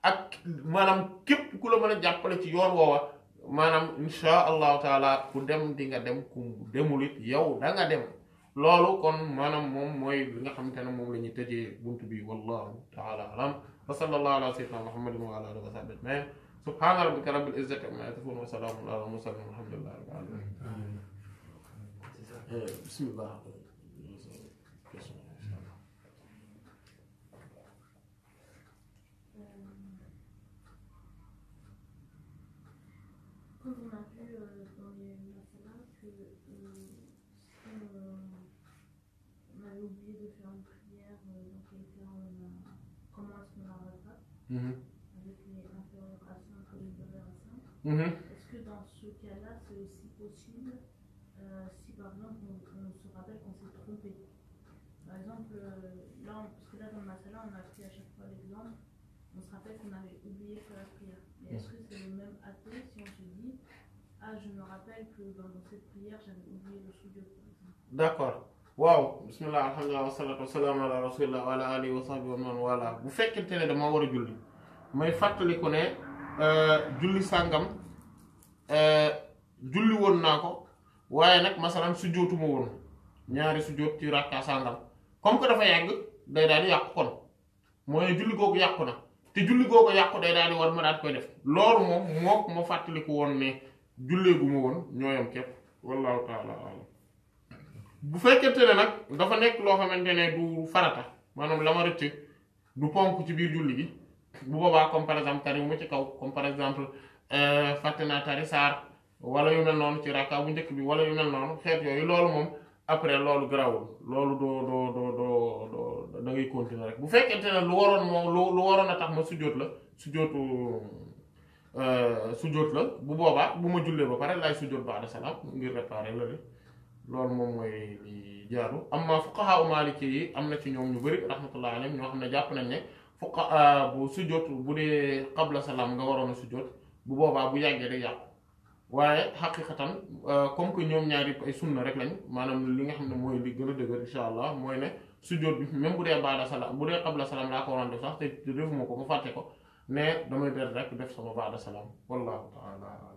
ak maanaam képp ku la mën a jàppale ci yoon woowa maanaam insha allahu taala ku dem di nga dem ku demul it yow da dem lolu kon manam mom moy li nga xamantene mom lañu tejje buntu bi wallahu taala alam wa sallallahu ala sayyidina muhammad wa ala alihi wa sahbihi ajmain subhana rabbika rabbil izzati amma yasifun wa salamun ala al mursalin walhamdulillahi rabbil alamin bismillah Mhm. Mhm. Est-ce que dans ce cas-là, c'est aussi possible euh, si par exemple on, se rappelle qu'on s'est trompé Par exemple, euh, là, parce que là dans ma salle, on a fait à chaque fois l'exemple, on se rappelle qu'on avait oublié faire la prière. est-ce mhm. que c'est le même atout si on se dit Ah, je me rappelle que dans cette prière, j'avais oublié le exemple. D'accord. waaw bismillah alhamdulilah wasalatu wasalaamu ala rasulillah wa ala bu fekkente ne dama war a julli may fàttaliku ne euh, julli sàngam euh, julli woon naa ko waaye nag masalan sujjóotuma woon ñaari sujjóot ci ràkkaa sàngam comme que dafa yàgg day daal di yàqu kon mooy julli googu yàqu na te julli googu yàqu day daal di war ma koy def loolu moom mook ma fàttaliku woon ne julleegu ma woon ñooyam képp wallahu taala alam bu fekkente ne nag dafa nekk loo xamante ne du farata maanaam la ma rëcc du ponk ci biir julli bi bu boobaa comme par exemple tari wu ma ci kaw comme par exemple euh, fàtte naa tari saar wala yu mel noonu ci rakka bu njëkk bi wala yu mel noonu xeet yooyu loolu moom après loolu garaawul loolu doo doo doo doo da ngay continuer rek bu fekkente ne lu waroon moom lu lu waroon a tax ma sujjóot la sujjóotu euh, sujjóot la bu boobaa bu ma jullee ba pare laay sujjóot ba ada salaam ngir réparer loolu moom mooy li jaaru amma fuqaha u maliki yi am na ci ñoom ñu bëri rahmatullah alayhim ñoo xam ne jàpp nañ ne fuqaha ah, bu sujjóot bu dee qabla salaam nga waroon a sujjóot bu boobaa bu yàggee day yàqu waaye xaqiqatan ah, comme que ñoom ñaari ay sunna rek lañ maanaam li nga xam ne mooy li gën a dëgër insha allah mooy ne sujjóot bi même bu dee baada salaam bu dee qabla salaam laa ko waroon def sax te defuma ko ma fàtte ko ne damay der rek def sama baada salaam wallahu taala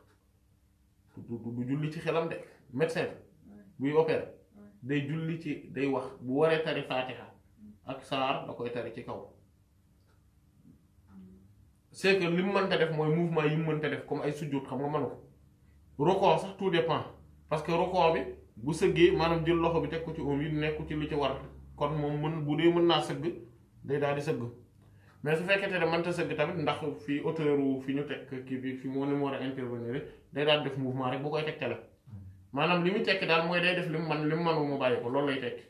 du julli ci xelam de médecin buy opéré day julli ci day wax bu waree tari faatiha ak saar da koy tari ci kaw c'est que li mu mënta def mooy mouvement yi mu mënta def comme ay sujjóot xam nga mënu ko rokoo sax tout dépend parce que rokoo bi bu sëggee maanaam jël loxo bi teg ci oom yi nekku ci li ci war kon moom mën bu dee mën naa sëgg day daal di sëgg mais su fekkee te ne mënta sëgg tamit ndax fii auteur fi ñu teg kii bi fi moo ne mu war a intervenir day daan def mouvement rek bu koy tegtale maanaam li muy tekki daal mooy day def li mu man li mu manul mu bàyyi ko loolu lay tekki.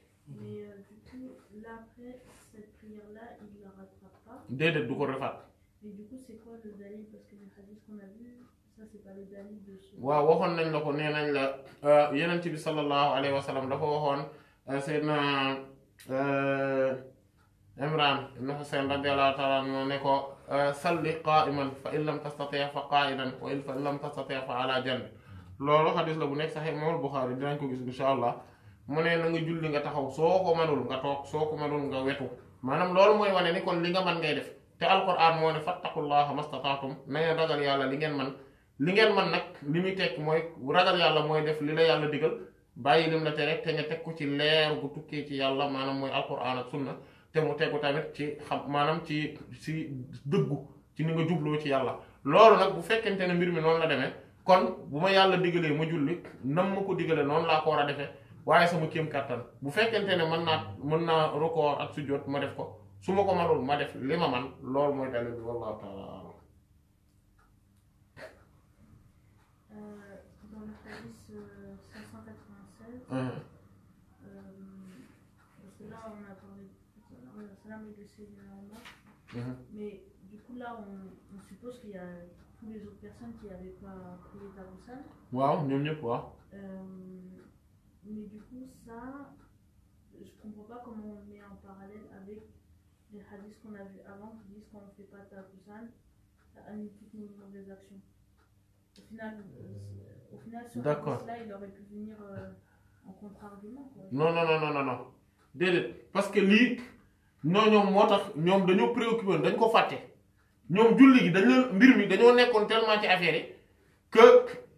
déedéet du ko refaat. waaw waxoon nañ la ko nee nañ la euh, yonent bi sallallahu alayhi wa dafa waxoon euh, Seydina euh, Imran ibn Husayn radiyallahu taala ne ko. salli qaaiman fa in lam tastati fa qaaidan wa in lam tastati fa ala loolu xadis la bu nekk sax imaamul Buxaari dinañ ko gis insha allah mu ne na nga julli nga taxaw soo ko mënul nga soo ko mënul nga loolu mooy wane ni kon li nga mën ngay def te alquran moo ne fattaqullaha mastataatum na ngeen ragal li ngeen man nag li muy tekk mooy ragal yàlla mooy def li la yàlla digal bàyyi lim la te rek te nga teg ko ci leer gu tukkee ci yàlla maanaam mooy alquran ak sunna te mu tegu tamit ci xam maanaam ci si dëggu ci ni nga jubloo ci yàlla loolu nag bu fekkente ne mbir mi noonu la demee kon bu ma yàlla digalee ma julli nam ma ko digalee noonu laa ko war a defee waaye sama kéem kàttan bu fekkente ne mën naa mën naa record ak su sujjóot ma def ko su ma ko mënul ma def li ma man loolu mooy dalil bi wallahu taala alam euh, dans le euh, Mhm. Mais du coup, là, on, suppose qu'il y a tous les autres personnes qui n'avaient pas trouvé Tarosan. Waouh, mieux mieux quoi. Euh, mais du coup, ça, je comprends pas comment on met en parallèle avec les hadiths qu'on a vus avant qui disent qu'on ne fait pas Tarosan, à une petite nos des actions. Au final, euh, au final sur là il aurait pu venir euh, en contre-argument. Non, non, non, non, non, non. Parce que lui, ñoo ñoom moo tax ñoom dañoo préoccupé dañ ko fàtte ñoom julli gi dañ leen mbir mi dañoo nekkoon tellement ci affaire yi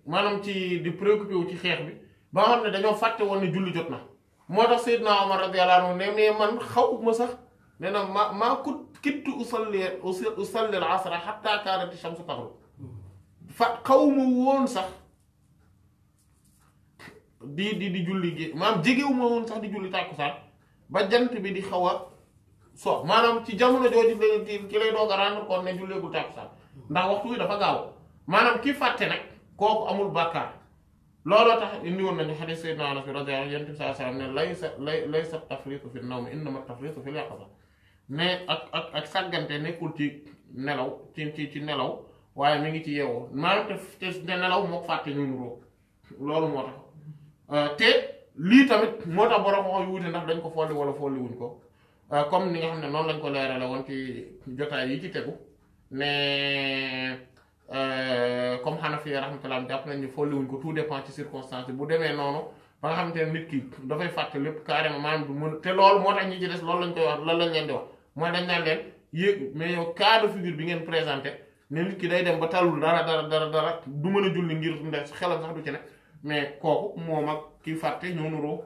maanaam ci di préoccupé wu ci xeex bi ba nga xam ne dañoo fàtte woon ne julli jot na moo tax Seydina Omar radiyallahu anhu ne man xaw ma sax ne na ma maa kut kittu usalli usalli al asra hatta kaanat shamsu taxlu fa woon sax di di di julli gi maanaam jegewuma woon sax di julli tàkkusaan ba jant bi di xaw a so maanaam ci jamono jooju lay ci lay doog a rendre compte ne julleegul tàkkusaan ndax waxtu wi dafa gaaw maanaam ki fàtte nag kooku amul bàkkaar looloo tax indi woon nañu xadis sayyidina Anas radiyallahu anhu yonent bi sallallahu alayhi wasallam ne laysa lay laysa tafriitu fi nawm innama tafriitu fi yaqaza mais ak ak sàggante nekkul ci nelaw ci ci nelaw waaye mi ngi ci yeewoo maa te te nelaw moo fàtte ñun roog loolu moo tax euh, te lii tamit moo tax borom moo yu wute ndax dañ ko folli wala folli ko Euh, comme ni nga xam ne noonu lañ ko leerale woon ci jotaay yi ci tegu ne euh, comme Hanafi rahmatullah jàpp nañ ni folliwuñ ko tout dépend ci circonstance bu demee noonu ba nga xamante ne nit ki dafay fàtte lépp carrément maanaam du mën te loolu moo tax ñi ci des loolu lañ koy wax loolu lañ leen di wax moo dañ naan leen yéeg mais yow cas bi ngeen présenté ne nit ki day dem ba talul dara dara dara dara du mën a julli ngir nde xelam sax du ci ne mais kooku moom ak ki fàtte ñoo nuroo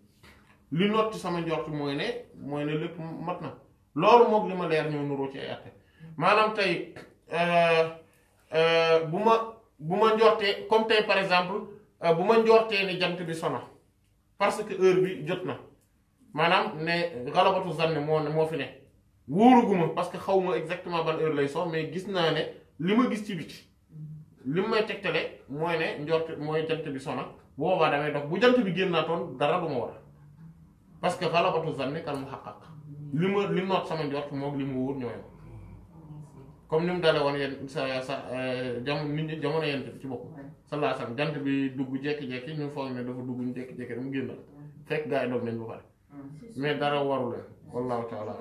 li not ci sama njort mooy ne mooy ne lépp mat na loolu moom li ma leer ñoo nuroo ci ay atte maanaam tey euh, euh, bu ma bu ma comme tey par exemple euh, bu ma njortee ne jant bi sona parce que heure bi jot na ne galabatu zanne moo ne moo fi ne wóoruguma parce que xaw ma exactement ban heure lay so mais gis naa ne li gis ci biti li may tegtale mooy ne njort mooy jant bi sona boobaa damay dox bu jant bi génnaatoon dara du ma parce que xalabatu zanni kal muhaqqaq li ma li noot sama njort moom li ma wóor ñooyam comme ni mu dalee woon yéen sa sa euh, jamono nit ñi jamono ci bopp sallallahu alayhi wasallam jant bi dugg jekki-jekki ñu foog ne dafa dugg ñu jekki-jekki dama génn la fekk gaa yi doog ba pare mais dara waru leen wallahu taala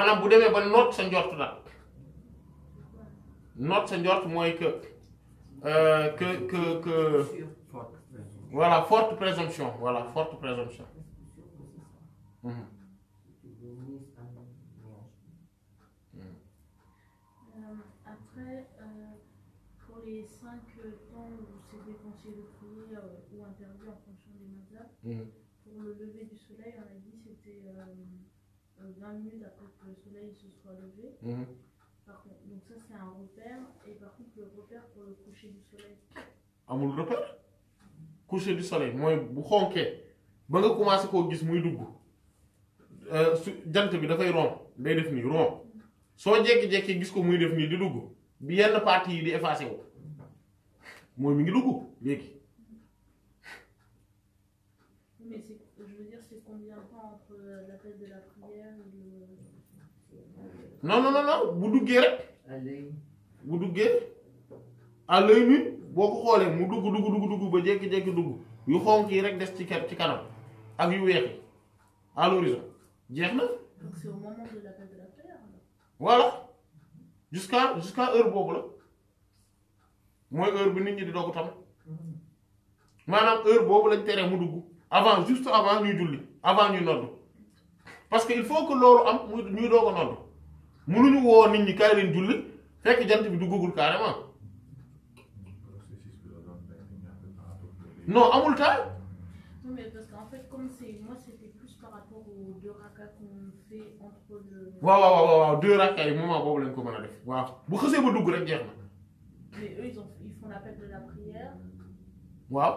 alam bu demee ba noot sa njort daal noot sa njort mooy que Euh, que, que, que, voilà, forte présomption, voilà, forte présomption. Mhm. Euh, après, euh, pour les cinq temps où c'est déconseillé de prier ou interdit en fonction des mazas, mhm. pour le lever du soleil, on a dit c'était 20 minutes après que le soleil se soit levé. Mhm c'est un repère, et par contre, le repère pour le coucher du soleil. amul repère coucher du soleil mooy bu xonkee ba nga commencé koo gis muy dugg euh, su jant bi dafay romb day def nii romb soo jékki-jékki gis ko muy def nii di dugg bi yenn partie di effacé wu mooy mi dugg léegi. mais c'est je veux dire c'est combien de temps entre euh, l'appel de la prière et le. non non non non bu duggee rek. bu duggee àllay nit boo ko xoolee mu dugg dugg dugg duggu ba jékki-jékki dugg yu xonq yi rek des ci kat ci kanam ak yu weex yi à l'horizon jeex na voilà jusqu'à jusqu'à heure boobu la mooy heure bi nit ñi di dogu tam maanaam heure boobu lañ teree mu dugg avant juste avant ñuy julli avant ñuy nodd parce que il faut que loolu am muy ñuy doog a nodd mënuñu nit ñi non amul non mais parce qu'en fait comme c'est moi c'était plus par rapport aux deux qu'on fait entre le. Waouh, waouh, waouh, deux rakas yi moment boobu lañ ko mën a def waaw bu ba dugg rek eux ils font l'appel de la prière. waaw.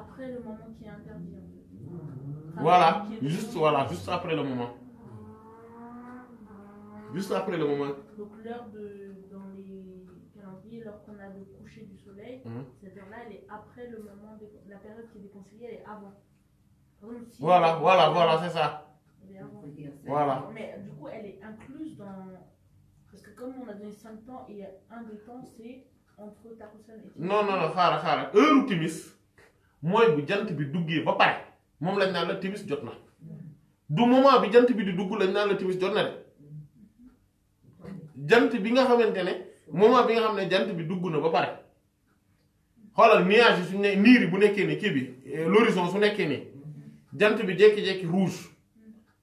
après le moment qui intervient. voilà juste voilà juste après le moment. Juste après le moment. Donc l'heure de, dans les calendriers, l'heure qu'on a le coucher du soleil, cest mhm. cette heure-là, elle est après le moment, la période qui est déconseillée, elle est avant. voilà, voilà, voilà, c'est ça. Elle est avant. Voilà. Mais du coup, elle est incluse dans... Parce que comme on a donné 5 temps, et un des temps, c'est entre personne et... Non, non, non, xaaral xaaral heure timis moi bu jant bi duggee ba pare moom je naan la timis jotna. Mm. du moment bi jant bi di dugg lañ naan la timis jotna. jant bi nga xamante ne moom moment bi nga xam ne jant bi dugg na ba pare xoolal nuage yi su ne niir yi bu nekkee ni kii bi euh, l'horizon su nekkee ni jant bi jékki-jékki rouge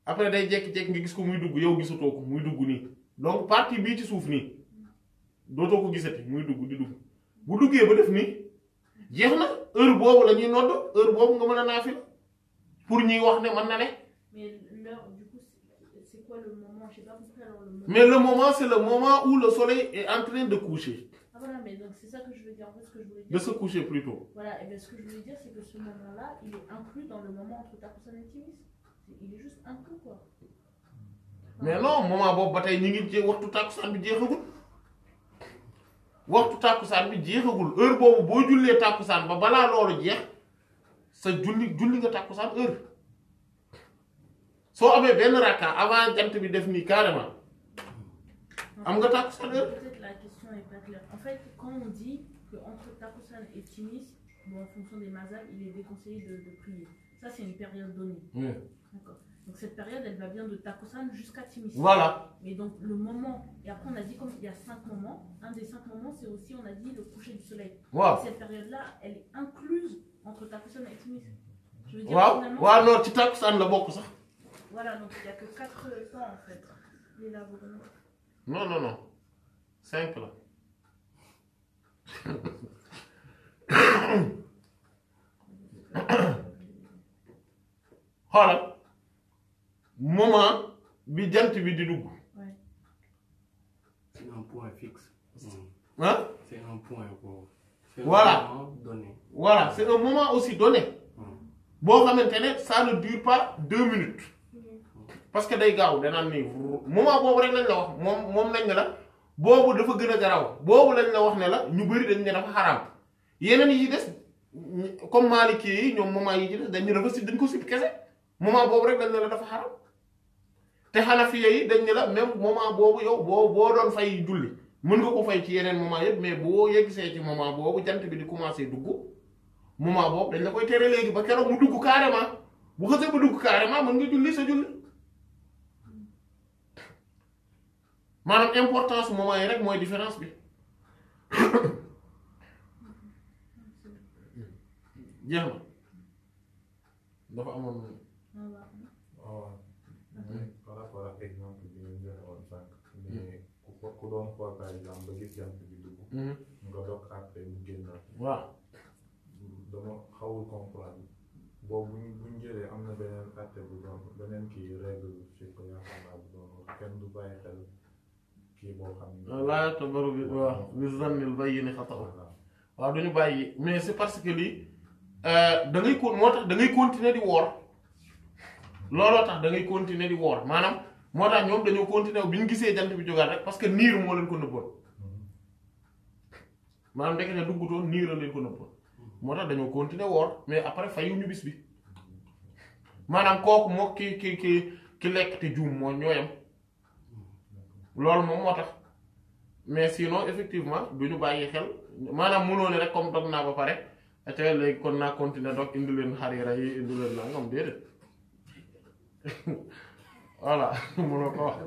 après day jékki-jékki nga gis ko muy dugg yow gisatoo ko muy dugg nii donc partie bii ci suuf nii dootoo ko gisati muy dugg di dugg bu duggee ba def nii jeex na heure boobu la ñuy nodd heure boobu nga mën a naafil pour ñuy wax ne mën na ne quoi le moment Je sais pas compris alors le moment. Mais le moment, c'est le moment où le soleil est en train de coucher. Ah voilà, mais donc c'est ça que je veux dire. En fait, ce que je voulais dire. De se coucher plutôt. Voilà, et bien ce que je voulais dire, c'est que ce moment-là, il est inclus dans le moment entre ta personne et Timis. Il est juste inclus, quoi. mais non moment boobu ba tey ñu ngi jéem waxtu tàkkusaan bi jeexagul waxtu takusan bi jeexagul heure boobu bo jullee takusan ba bala lolu jeex sa julli julli nga takusan heure so amee ben rakka avant jant bi def carrément am nga peut-être la question n'est pas claire en fait quand on dit que entre et timis bon en fonction des mazal il est déconseillé de prier ça c'est une période donnée. D'accord. Donc cette période, elle va bien de Takusan jusqu'à Timis. Voilà. Mais donc le moment, et après on a dit qu'il y a cinq moments, un des cinq moments, c'est aussi, on a dit, le coucher du soleil. Cette période-là, elle est incluse entre Takusan et Timis. Je veux dire, wow. finalement... non, tu Takusan, la bokk ça voilà, donc il n'y a que 4 pas en fait. Les labourements. Non, non, non. 5 là. voilà moment bi jant bi di c'est un point fixe. Hein, hein? c'est un point voilà voilà c'est un moment aussi donné. Hum. Bon, xamante internet ça ne dure pas deux minutes. parce que day gaaw danaan nii moment boobu rek lañ la wax moom moom nañ ne la boobu dafa gën a garaw boobu lañ la wax ne la ñu bëri dañ ne dafa xaraam yeneen yi des comme Maliki yi ñoom moment yi ci dañ ne dañ ko sib kese moment boobu rek dañ ne la dafa xaraam te Hanafiya dañ ne la même moment boobu yow boo boo doon fay julli mën nga ko fay ci yeneen moment yëpp mais boo yeggsee ci moment boobu jant bi di commencé dugg moment boobu dañ la koy tere léegi ba keroog mu dugg carrément bu xësee ba dugg carrément mën nga julli sa julli manam importance moment yi rek moy différence bi jeex na dafa amoon nañu. waaw par rapport ak exemple bi ñu joxe woon sànq. mais ku doon ko par exemple ba gis jant bi dugg. nga dok après mu génnaat. waaw. dama xawul comprendre boobu bu ñu bu ñu jëlee am na beneen bu doon benen ki règle ci ko yaakaar naa bu doon kenn du baye xel. Kan. kii boo xam ne. Euh, laa waaw bi zannil bàyyi mais c'est parce que lii euh, da ngay ko moo tax da ngay continuer di woor looloo tax da ngay continuer di woor maanaam moo tax ñoom dañoo continuer bi ñu gisee jant bi jógaat rek parce que niir moo leen ko nëbboon maanaam ndekete duggutoon niir la leen ko nëbboon moo tax dañoo continuer mais après fay ñu bis bi maanaam kooku moo ki ki ki ki lekk te juum moo ñooyam loolu moom moo tax mais sinon effectivement du ñu bàyyi xel maanaam mënoo ne rek comme dog naa ba pare te léegi kon naa continuer dog indi leen yi indi leen nangam déedéet voilà mënoo ko wax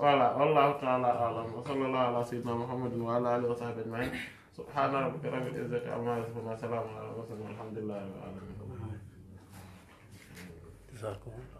voilà wallahu taala alam wa sallallahu ala sayyidina muhammadin wa ala alihi wa sahbihi ajmain